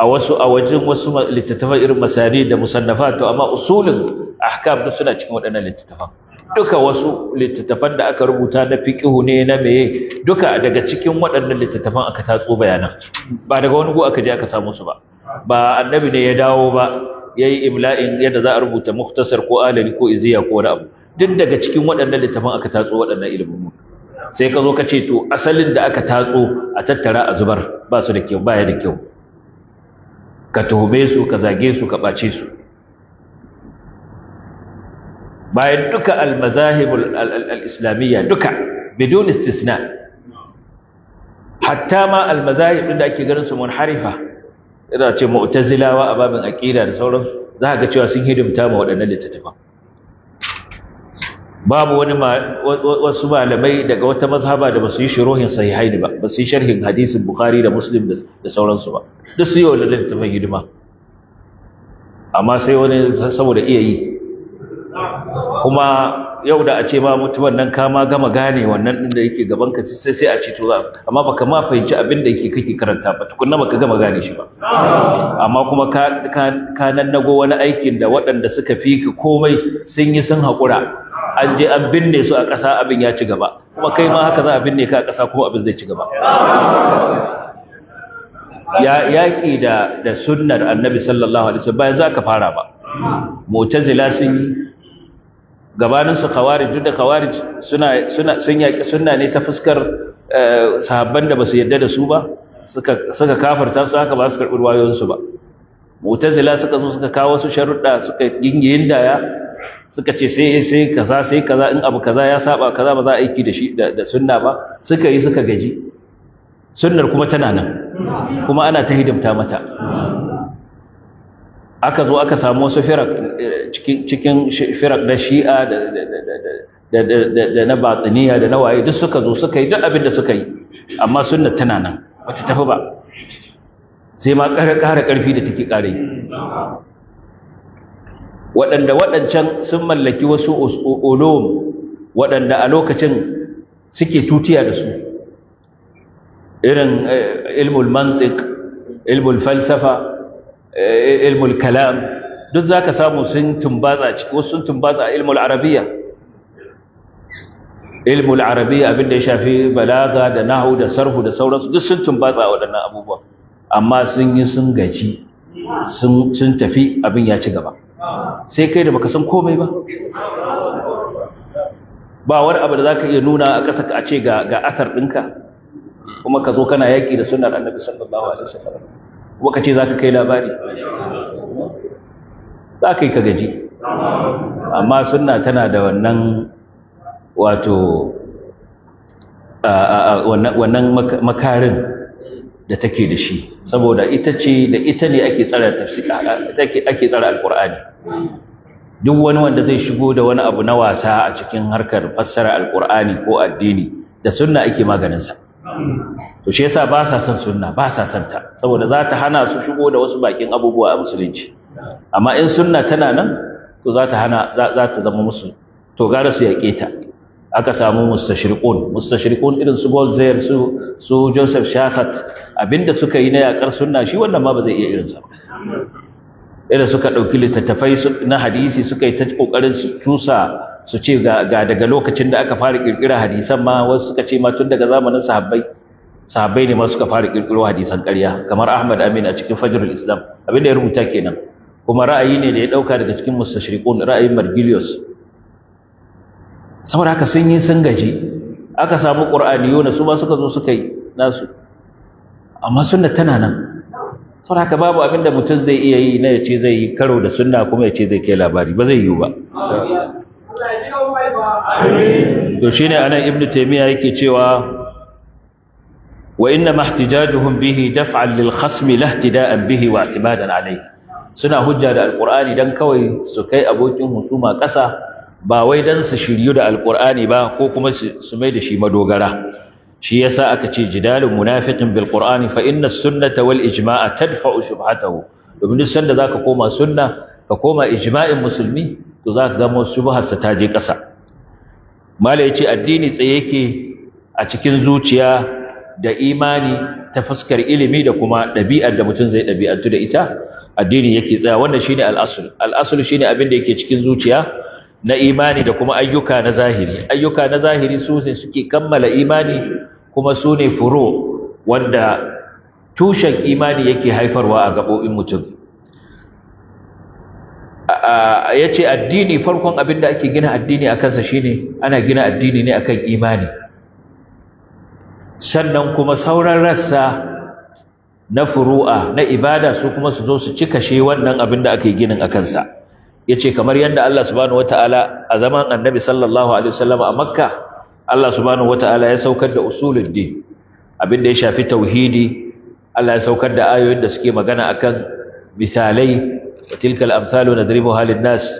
a wasu a wajen wasu littattafan irin masani da musannafa to amma usulin ahkam duk suna cikin waɗannan littattafan duka wasu littattafan da aka rubuta na fiqihu ne na meye duka daga cikin waɗannan littattafan aka tatso bayanan ba daga wani gu aka je aka samu su ba ba annabi ne ya dawo ba yayi imla'in yadda za a rubuta muktasar ko alali ko iziya ko wani abu duk daga cikin waɗannan littattafan aka tatso waɗannan ilimin sai ka zo ka ce to asalin da aka tatso a tattara a zubar ba su da kyau baya da kyau ka tuhume su ka zage su ka ɓace su bayan duka al al'islamiyya duka bidon istisna hatta ma al da ake ganin su harifa, ina ce mu'tazilawa a babin aqida da sauransu za ka ga cewa sun hidimta ma waɗannan littattafan babu wani wasu malamai daga wata mazhaba da basu yi shirohin sahihaini ba basu yi sharhin hadisin bukhari da muslim da sauransu ba duk su yi wa littattafan hidima amma sai wani saboda iya yi kuma yau da a ce ma mutuwan nan ka ma gama gane wannan din da yake gaban ka sai sai a ce to amma baka ma fahimci abin da yake kake karanta ba tukunna baka gama gane shi ba amma kuma ka ka nannago wani aikin da waɗanda suka fi komai sun yi sun haƙura an je an binne su a ƙasa abin ya ci gaba kuma kai ma haka za a binne ka a ƙasa kuma abin zai ci gaba ya yaƙi da da sunnar annabi sallallahu alaihi wasallam bayan za ka fara ba mu'tazila sun yi gabanin su khawarij duk da khawarij suna suna sun yaƙi sunna ne ta fuskar eh, sahabban da basu yarda da su ba suka suka kafarta su haka ba su karɓi ruwayoyinsu ba mu'tazila suka zo suka kawo su sharuɗa suka yin ya suka ce sai sai kaza sai kaza in abu kaza ya saba kaza ba za a aiki da shi da sunna ba suka yi suka gaji sunnar kuma tana nan kuma ana ta hidimta mata aka zo aka samu wasu firak cikin firak na shi'a da na batiniya da na waye duk suka zo suka yi duk abin da suka yi amma sunnar tana nan ba ta tafi ba sai ma ƙara ƙarfi da take ƙare waɗanda waɗancan sun mallaki wasu olom waɗanda a lokacin suke tutiya da su irin eh, ilmul mantik ilmul falsafa eh, ilmul kalam duk za ka samu sun tumbaza a ciki wasu sun tumbaza a ilmul arabiya ilmul arabiya abinda ya shafi balaga da nahu da sarhu da sauransu duk sun tumbaza a waɗannan abubuwa amma sun yi sun gaji sun tafi abin ya ci gaba sai kai da baka san komai ba ba wani abu da zaka iya nuna a ƙasa ka a ce ga ga asar ɗinka kuma ka zo kana yaƙi da sunnar annabi sallallahu alaihi wasallam kuma ka ce zaka kai labari za ka yi ka gaji amma sunna tana da wannan wato wannan makarin da take da shi saboda ita ce da ita ne ake tsara tafsir ake tsara alqur'ani duk wani wanda zai shigo da wani abu na wasa a cikin harkar fassara alkur'ani ko addini da sunna ake maganinsa to shi yasa ba sa son sunna ba sa son ta saboda za ta hana su shigo da wasu bakin abubuwa a musulunci amma in sunna tana nan to za ta hana za ta zama musu to gara su yaƙe ta aka samu mustashriqun mustashriqun irin su Bolzer su su Joseph shahat abinda suka yi na yakar sunna shi wannan ma ba zai iya sa ba irin suka ɗauki littattafai na hadisi suka yi ta kokarin su cusa su ce ga daga lokacin da aka fara ƙirƙira hadisan ma wasu suka ce ma tun daga zamanin sahabbai sahabbai ne ma suka fara ƙirƙiro hadisan ƙarya kamar Ahmad Amin a cikin Fajrul Islam abin da ya rubuta kenan kuma ra'ayi ne da ya ɗauka daga cikin mustashriqun ra'ayin Margilius saboda haka sun yi sun gaji aka samu Qur'aniyuna su ma suka zo suka yi nasu amma sunna tana nan haka babu abinda mutum zai iya yi na ya ce zai yi karo da suna kuma ya ce zai kai labari ba zai yiwu ba to ne anan Ibn taimiyya yake cewa wa inna mahtijajuhun bihi daf'an lil khasm lahtida'an bihi wa atibadan alayhi suna hujja da alqur'ani dan kawai su kai abokin husuma ƙasa ba wai dan su shiryu da alqur'ani ba ko kuma su mai da shi madogara shi yasa aka ce jidalul munafiqin bil qur'ani fa inna sunnata wal ijma'a tadfa'u shubhatahu domin duk sanda zaka koma sunna ka koma ijma'in musulmi to zaka ga shubharsa ta je ƙasa mala yace addini tsaye yake a cikin zuciya da imani ta fuskar ilimi da kuma ɗabi'ar da mutum zai ɗabi'antu da ita addini yake tsaya wannan shine al-asl al-asl shine abin da yake cikin zuciya na imani da kuma ayyuka na zahiri ayyuka na zahiri su suke kammala imani kuma su ne furo wanda tushen imani yake haifarwa a gaɓoɓin mutum ya ce addini farkon abin da ake gina addini a kansa shine ana gina addini ne akan imani sannan kuma sauran rassa na furu'a na ibada su kuma su zo su cika shi wannan abin da ake ginin a kansa ya ce kamar yadda Allah subhanahu ta'ala a zaman annabi sallallahu alaihi wasallam a makka Allah subhanahu wata'ala ya saukar da usuluddin abin da ya shafi tauhidi Allah ya saukar da ayoyin da suke magana akan misalai tilkal amsalu nadribuha lin-nas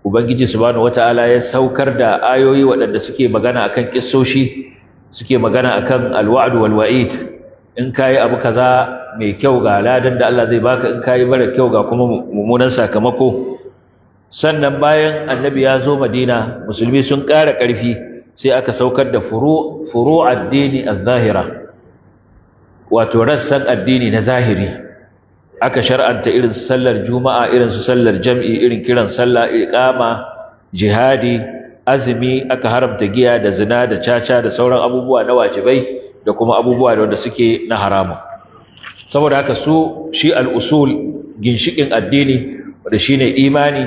ubangiji subhanahu wata'ala ya saukar da ayoyi waɗanda suke magana akan kissoshi suke magana akan alwa'd wal wa'id in kai abu kaza mai kyau ga ladan da Allah zai baka in kai mara kyau ga kuma mummunan sakamako sannan bayan annabi ya zo madina musulmi sun ƙara ƙarfi sai aka saukar da furu addini al-zahira wato rassan addini na zahiri aka shar'anta irin sallar juma'a irin su sallar jam'i irin kiran sallah iqama jihadi azumi aka haramta giya da zina da caca da sauran abubuwa na wajibai da kuma abubuwa da wanda suke na haramun saboda haka su shi al-usul ginshikin addini wanda shine imani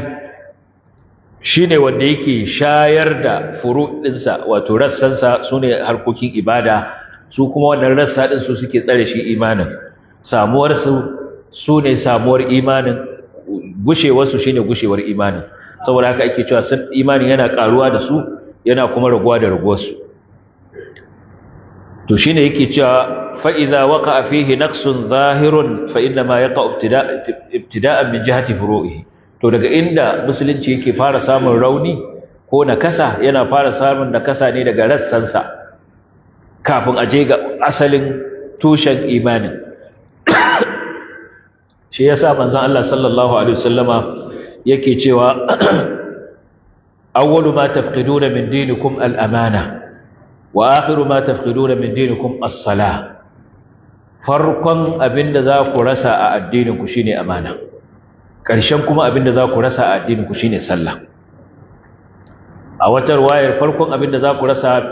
shine wanda yake shayar da furu ɗinsa wato rassansa su ne harkokin ibada su kuma wannan rassa ɗinsu suke tsare shi imanin samuwarsu su ne samuwar imanin gushewarsu shine gushewar imanin saboda haka ake cewa sun imanin yana ƙaruwa da su yana kuma raguwa da raguwarsu to shine yake cewa fa'iza waka a fihi naqsun zahirun fa inna ma yaqa ibtida'an min jihati furu'ihi to daga inda musulunci yake fara samun rauni ko nakasa yana fara samun nakasa ne daga rassansa kafin a je ga asalin tushen imanin shi yasa manzon Allah sallallahu alaihi wasallama yake cewa awwalu ma tafqiduna min dinikum al-amana wa akhiru ma tafqiduna min dinikum as-salah farkon abinda za ku rasa a addinin ku shine amana ƙarshen kuma abin da za ku rasa a addinin ku shine sallah a wata ruwayar farkon abin da za ku rasa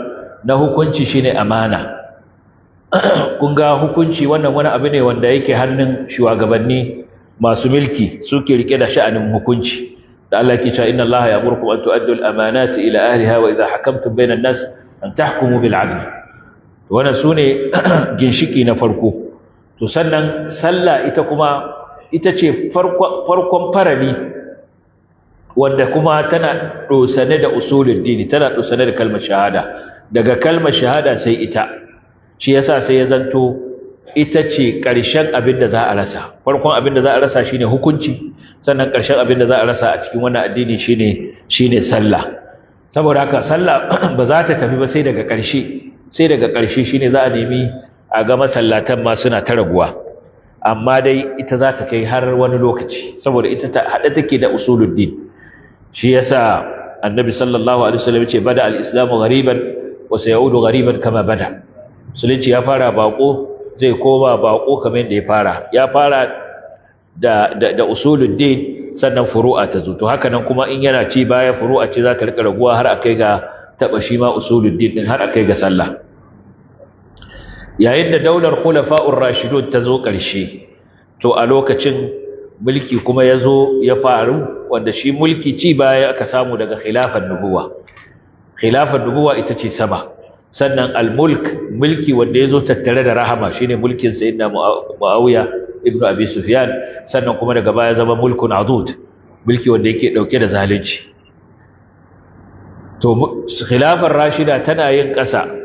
na hukunci shine amana kun ga hukunci wannan wani abu ne wanda yake hannun shugabanni masu milki suke rike da sha'anin hukunci da Allah ke cewa inna Allah ya'murukum an tu'addu al-amanati ila ahliha wa idha hakamtum bayna an-nas an tahkumu bil 'adl wannan sune ginshiki na farko to sannan sallah ita kuma ita ce farkon farali wanda kuma tana dosane da usulul dini tana dosane da kalmar shahada daga kalmar shahada sai ita shi yasa sai ya zanto ita ce ƙarshen abin da za a rasa farkon abin da za a rasa shine hukunci sannan ƙarshen abin da za a rasa a cikin wannan addini shine shine sallah saboda haka sallah ba za ta tafi ba sai daga ƙarshe sai daga ƙarshe shine za a nemi a ga masallatan ma suna ta raguwa amma dai ita za ta kai har wani lokaci saboda ita ta haɗe take da usuluddin shi yasa annabi sallallahu alaihi wasallam ce bada al-islamu ghariban wa sayaudu ghariban kama bada musulunci ya fara bako zai koma bako kamar yadda ya fara ya fara da da, da usuluddin sannan furu'a ta zo to haka nan kuma in yana ci baya furu'a ce za ta rika raguwa har akai ga taɓa shi ma usuluddin din har akai ga sallah yayin da daular khulafa'ur rashidun ta zo ƙarshe to a lokacin mulki kuma ya zo ya faru wanda shi mulki ci baya aka samu daga khilafan nubuwa khilafan nubuwa ita ce sama sannan al-mulk mulki wanda ya zo tattare da rahama shine mulkin sayyidina muawiya ibnu abi sufyan sannan kuma daga baya zama mulkun adud mulki wanda yake dauke da zalunci to khilafar rashida tana yin ƙasa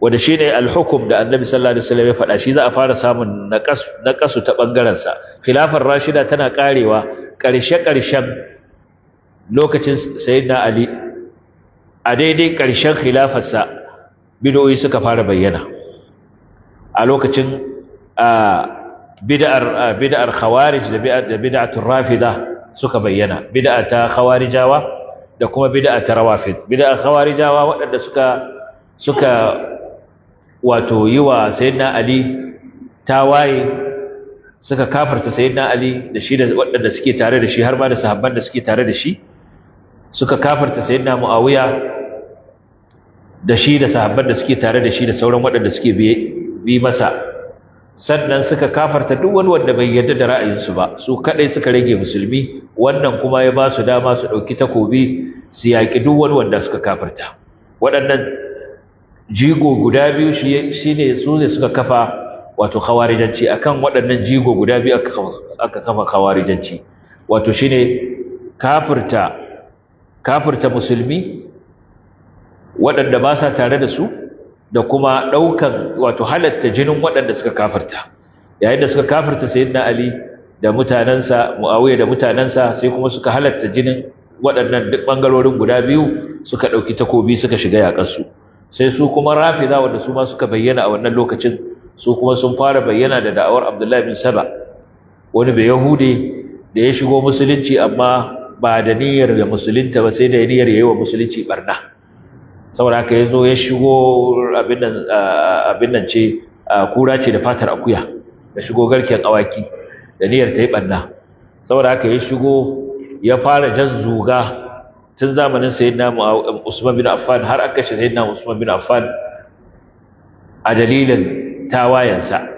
wanda shine al da annabi sallallahu alaihi wasallam ya faɗa shi za a fara samun naqas naqasu ta bangaren sa khilafar rashida tana karewa karshe karshen lokacin sayyidina ali a daidai karshen khilafar sa bid'o'i suka fara bayyana a lokacin bid'ar bid'ar khawarij da bid'atul rafida suka bayyana bid'a ta khawarijawa da kuma bid'a ta rawafid bid'a khawarijawa waɗanda suka suka wato yi wa sayidina ali tawaye suka kafarta sayidina ali da shi da waɗanda suke tare da shi har ma da sahabban da suke tare da shi suka kafarta sayidina muawiya da shi da sahabban da suke tare da shi da sauran waɗanda suke bi masa sannan suka kafarta duk wani wanda bai yarda da ra'ayinsu ba su kadai suka rage musulmi wannan kuma ya ba su dama su ɗauki takobi su yaƙi duk wani wanda suka kafarta waɗannan jigo guda biyu shi ne su ne suka kafa wato khawarijanci akan waɗannan jigo guda biyu aka kafa khawarijanci wato shi ne kafirta kafirta musulmi waɗanda ba sa tare da su da kuma ɗaukan wato halatta jinin waɗanda suka kafirta yayin da suka kafirta sayyidina ali da mutanensa muawiya da mutanensa sai kuma suka halatta jinin waɗannan duk ɓangarorin guda biyu suka ɗauki takobi suka shiga yaƙarsu sai su kuma rafida wanda su ma suka bayyana a wannan lokacin su kuma sun fara bayyana da da'awar abdullahi bin saba wani bai yahudi da ya shigo musulunci amma ba da niyyar da musulunta ba sai da niyyar ya yi wa musulunci barna saboda haka ya zo ya shigo abin nan ce kura ce da fatar akuya da shigo garken awaki da niyyar ta yi barna saboda haka ya shigo ya fara jan zuga tun zamanin sayyidina Usman bin Affan har aka shi sayyidina Usman bin Affan a dalilin tawayansa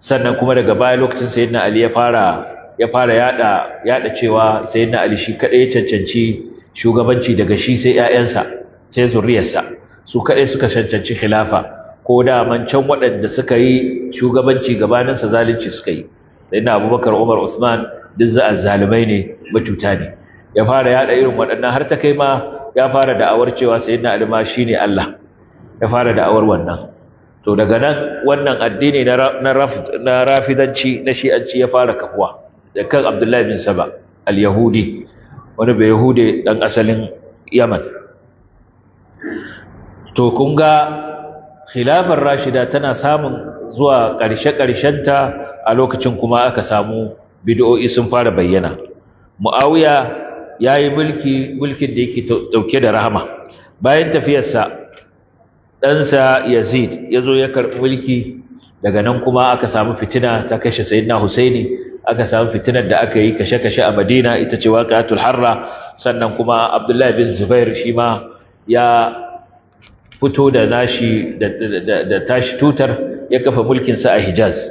sannan kuma daga baya lokacin sayyidina Ali ya fara ya fara yada yada cewa sayyidina Ali shi kadai ya cancanci shugabanci daga shi sai ƴaƴansa sai zuriyarsa su kadai suka cancanci khilafa ko da man can waɗanda suka yi shugabanci gabanin sa zalunci suka yi sayyidina Abubakar Umar Usman duk za'a zalimai ne macuta ne ya fara yada irin waɗannan har ta kai ma ya fara da'awar cewa sayyidina ali ma shine Allah ya fara da'awar wannan to daga nan wannan addini na rafidanci na shi'anci ya fara kafuwa da kan abdullahi bin saba al-yahudi wani bai yahude dan asalin yaman to kun ga khilafar rashida tana samun zuwa ƙarshe ta a lokacin kuma aka samu bid'o'i sun fara bayyana mu'awiya ya yi mulki mulkin da yake ɗauke da rahama bayan tafiyarsa ɗansa yazid ya zo ya karɓi mulki daga nan kuma aka samu fitina ta kashe sayyidina husaini aka samu fitinar da aka yi kashe-kashe a madina ita ce waƙatul harra sannan kuma abdullahi bin zubair shi ma ya fito da nashi da tashi tutar ya kafa mulkinsa a hijaz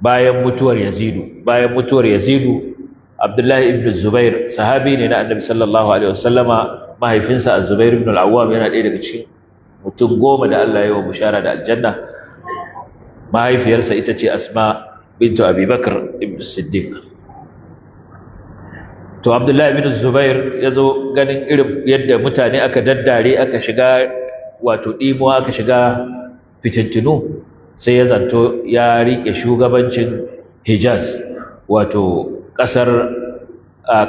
bayan mutuwar yazidu bayan mutuwar yazidu abdullahi ibn zubair sahabi ne na annabi sallallahu alaihi wasallama mahaifinsa zubair ibn al-awwam yana ɗaya daga cikin mutum goma da Allah ya wa bushara da aljanna mahaifiyarsa ita ce asma bintu abubakar ibn siddiq to abdullahi ibn zubair ya zo ganin irin yadda mutane aka daddare aka shiga wato ɗimuwa aka shiga fitintinu sai ya zanto ya riƙe shugabancin hijaz wato ƙasar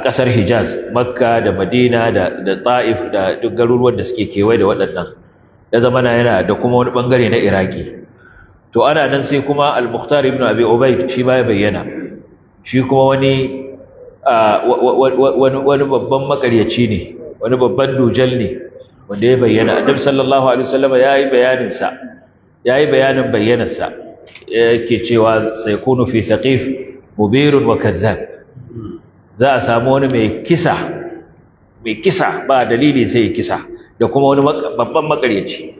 ƙasar hijaz makka da madina da da ta'if da duk garuruwan da suke kewaye da waɗannan ya zama na yana da kuma wani bangare na iraki to ana nan sai kuma al-mukhtar ibn abi ubayd shi ba ya bayyana shi kuma wani wani babban makaryaci ne wani babban dujal ne wanda ya bayyana annabi sallallahu alaihi wasallam yayi bayanin sa yayi bayanin sa yake cewa sai kunu fi saqif mubirun wa kazzab za a samu wani mai kisa mai kisa ba dalili sai ya kisa da kuma wani babban makaryaci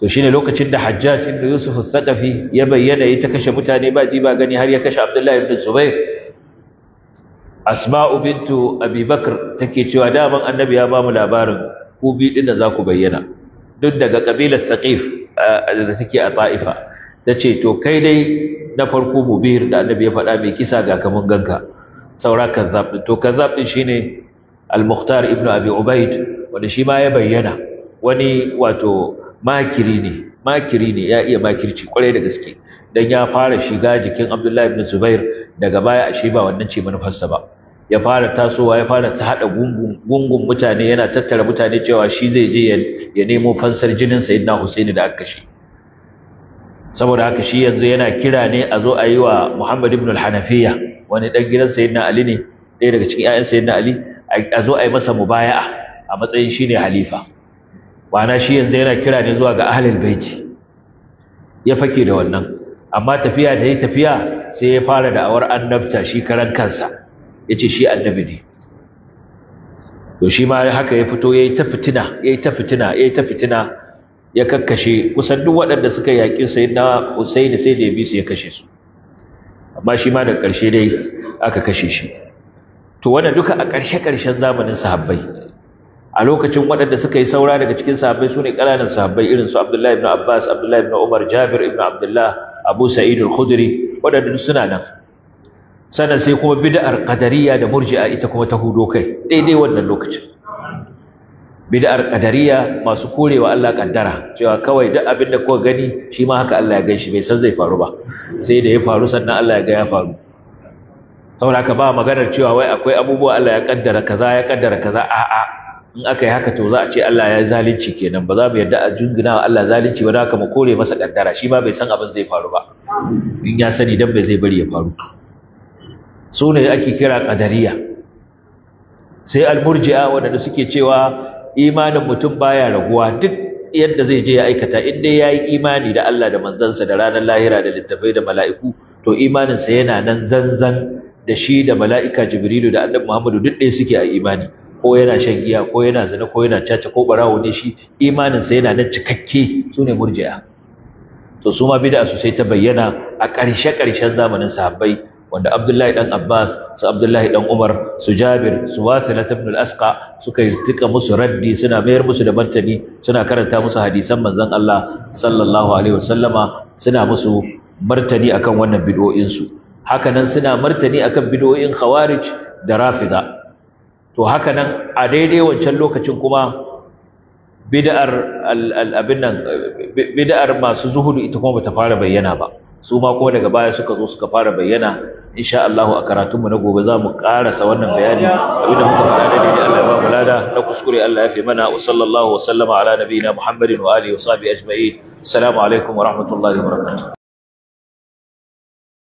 to shine lokacin da Hajjaj ibn Yusuf al ya bayyana ya ta kashe mutane ba ji ba gani har ya kashe Abdullahi ibn Zubair Asma'u bintu Abi Bakr take cewa daman Annabi ya ba mu labarin ku bi din da za ku bayyana duk daga kabilar Saqif da take a Ta'ifa tace to kai dai na farko mubir da annabi ya faɗa mai kisa ga kamun ganka saura kazzab din to kazzab din shine al-mukhtar ibnu abi ubaid wanda shi ma ya bayyana wani wato makiri ne makiri ne ya iya makirci kwarai da gaske dan ya fara shiga jikin abdullahi ibnu zubair daga baya ashe ba wannan ce manufarsa ba ya fara tasowa ya fara ta hada gungun mutane yana tattara mutane cewa shi zai je ya nemo fansar jinin sayyidina husaini da aka kashe saboda haka shi yanzu yana kira ne a zo a yi wa Muhammad ibn al-Hanafiya wani dan gidan Sayyidina Ali ne ɗaya daga cikin ƴaƴan Sayyidina Ali a zo a yi masa mubaya'a a matsayin shi ne halifa wana shi yanzu yana kira ne zuwa ga ahlul baiti ya fake da wannan amma tafiya ta yi tafiya sai ya fara da awar annabta shi karan kansa yace shi annabi ne to shi ma haka ya fito yayi ta fitina yayi ta fitina yayi ta fitina ya kakkashe kusan duk waɗanda suka yaƙi sayyidina Husayn sai da ya bi su ya kashe su amma shi ma da ƙarshe dai aka kashe shi to wannan duka a ƙarshe ƙarshen zamanin sahabbai a lokacin waɗanda suka yi saura daga cikin sahabbai sune ƙananan sahabbai irin su Abdullahi ibn Abbas Abdullahi ibn Umar Jabir ibn Abdullah Abu Sa'id al-Khudri waɗanda duk suna nan sannan sai kuma bid'ar qadariyya da murji'a ita kuma ta hudo kai daidai wannan lokacin bid'ar qadariya masu korewa Allah kaddara cewa kawai duk abin da kuka gani shi ma haka Allah ya ganshi bai san zai faru ba sai da ya faru sannan Allah ya ga ya faru saboda ka ba maganar cewa wai akwai abubuwa Allah ya kaddara kaza ya kaddara kaza a'a in aka yi haka to za a ce Allah ya zalunci kenan ba za mu yarda a jingina wa Allah zalunci ba haka mu kore masa kaddara shi ma bai san abin zai faru ba in ya sani dan bai zai bari ya faru sune ake kira qadariya sai almurji'a wanda suke cewa imanin mutum baya raguwa duk yadda zai je ya aikata in dai yayi imani da Allah da manzansa da ranar lahira da littafai da mala'iku to imaninsa yana nan zanzan da shi da mala'ika Jibrilu da Annabi Muhammadu duk ɗaya suke a imani ko yana shan giya ko yana zina ko yana caca ko barawo ne shi imaninsa yana nan cikakke sune murji'a to su ma bid'a su sai ta bayyana a ƙarshe ƙarshen zamanin sahabbai wanda abdullahi dan abbas su abdullahi dan umar su jabir su wasilat ibn al-asqa suka yi tuka musu raddi suna mayar musu da martani suna karanta musu hadisan manzon Allah sallallahu alaihi wasallama suna musu martani akan wannan bid'o'in su haka nan suna martani akan bid'o'in khawarij da rafida to haka nan a daidai wancan lokacin kuma bid'ar bid'ar masu zuhudu ita kuma bata fara bayyana ba su ma kuma daga baya suka zo suka fara bayyana insha Allah a karatunmu na gobe za mu karasa wannan bayani abinda muka fara da dai Allah ya ba mu lada na kuskure Allah ya fi mana wa sallallahu wa sallama ala nabiyina Muhammadin wa alihi wa sahbihi ajma'in assalamu alaikum wa rahmatullahi wa barakatuh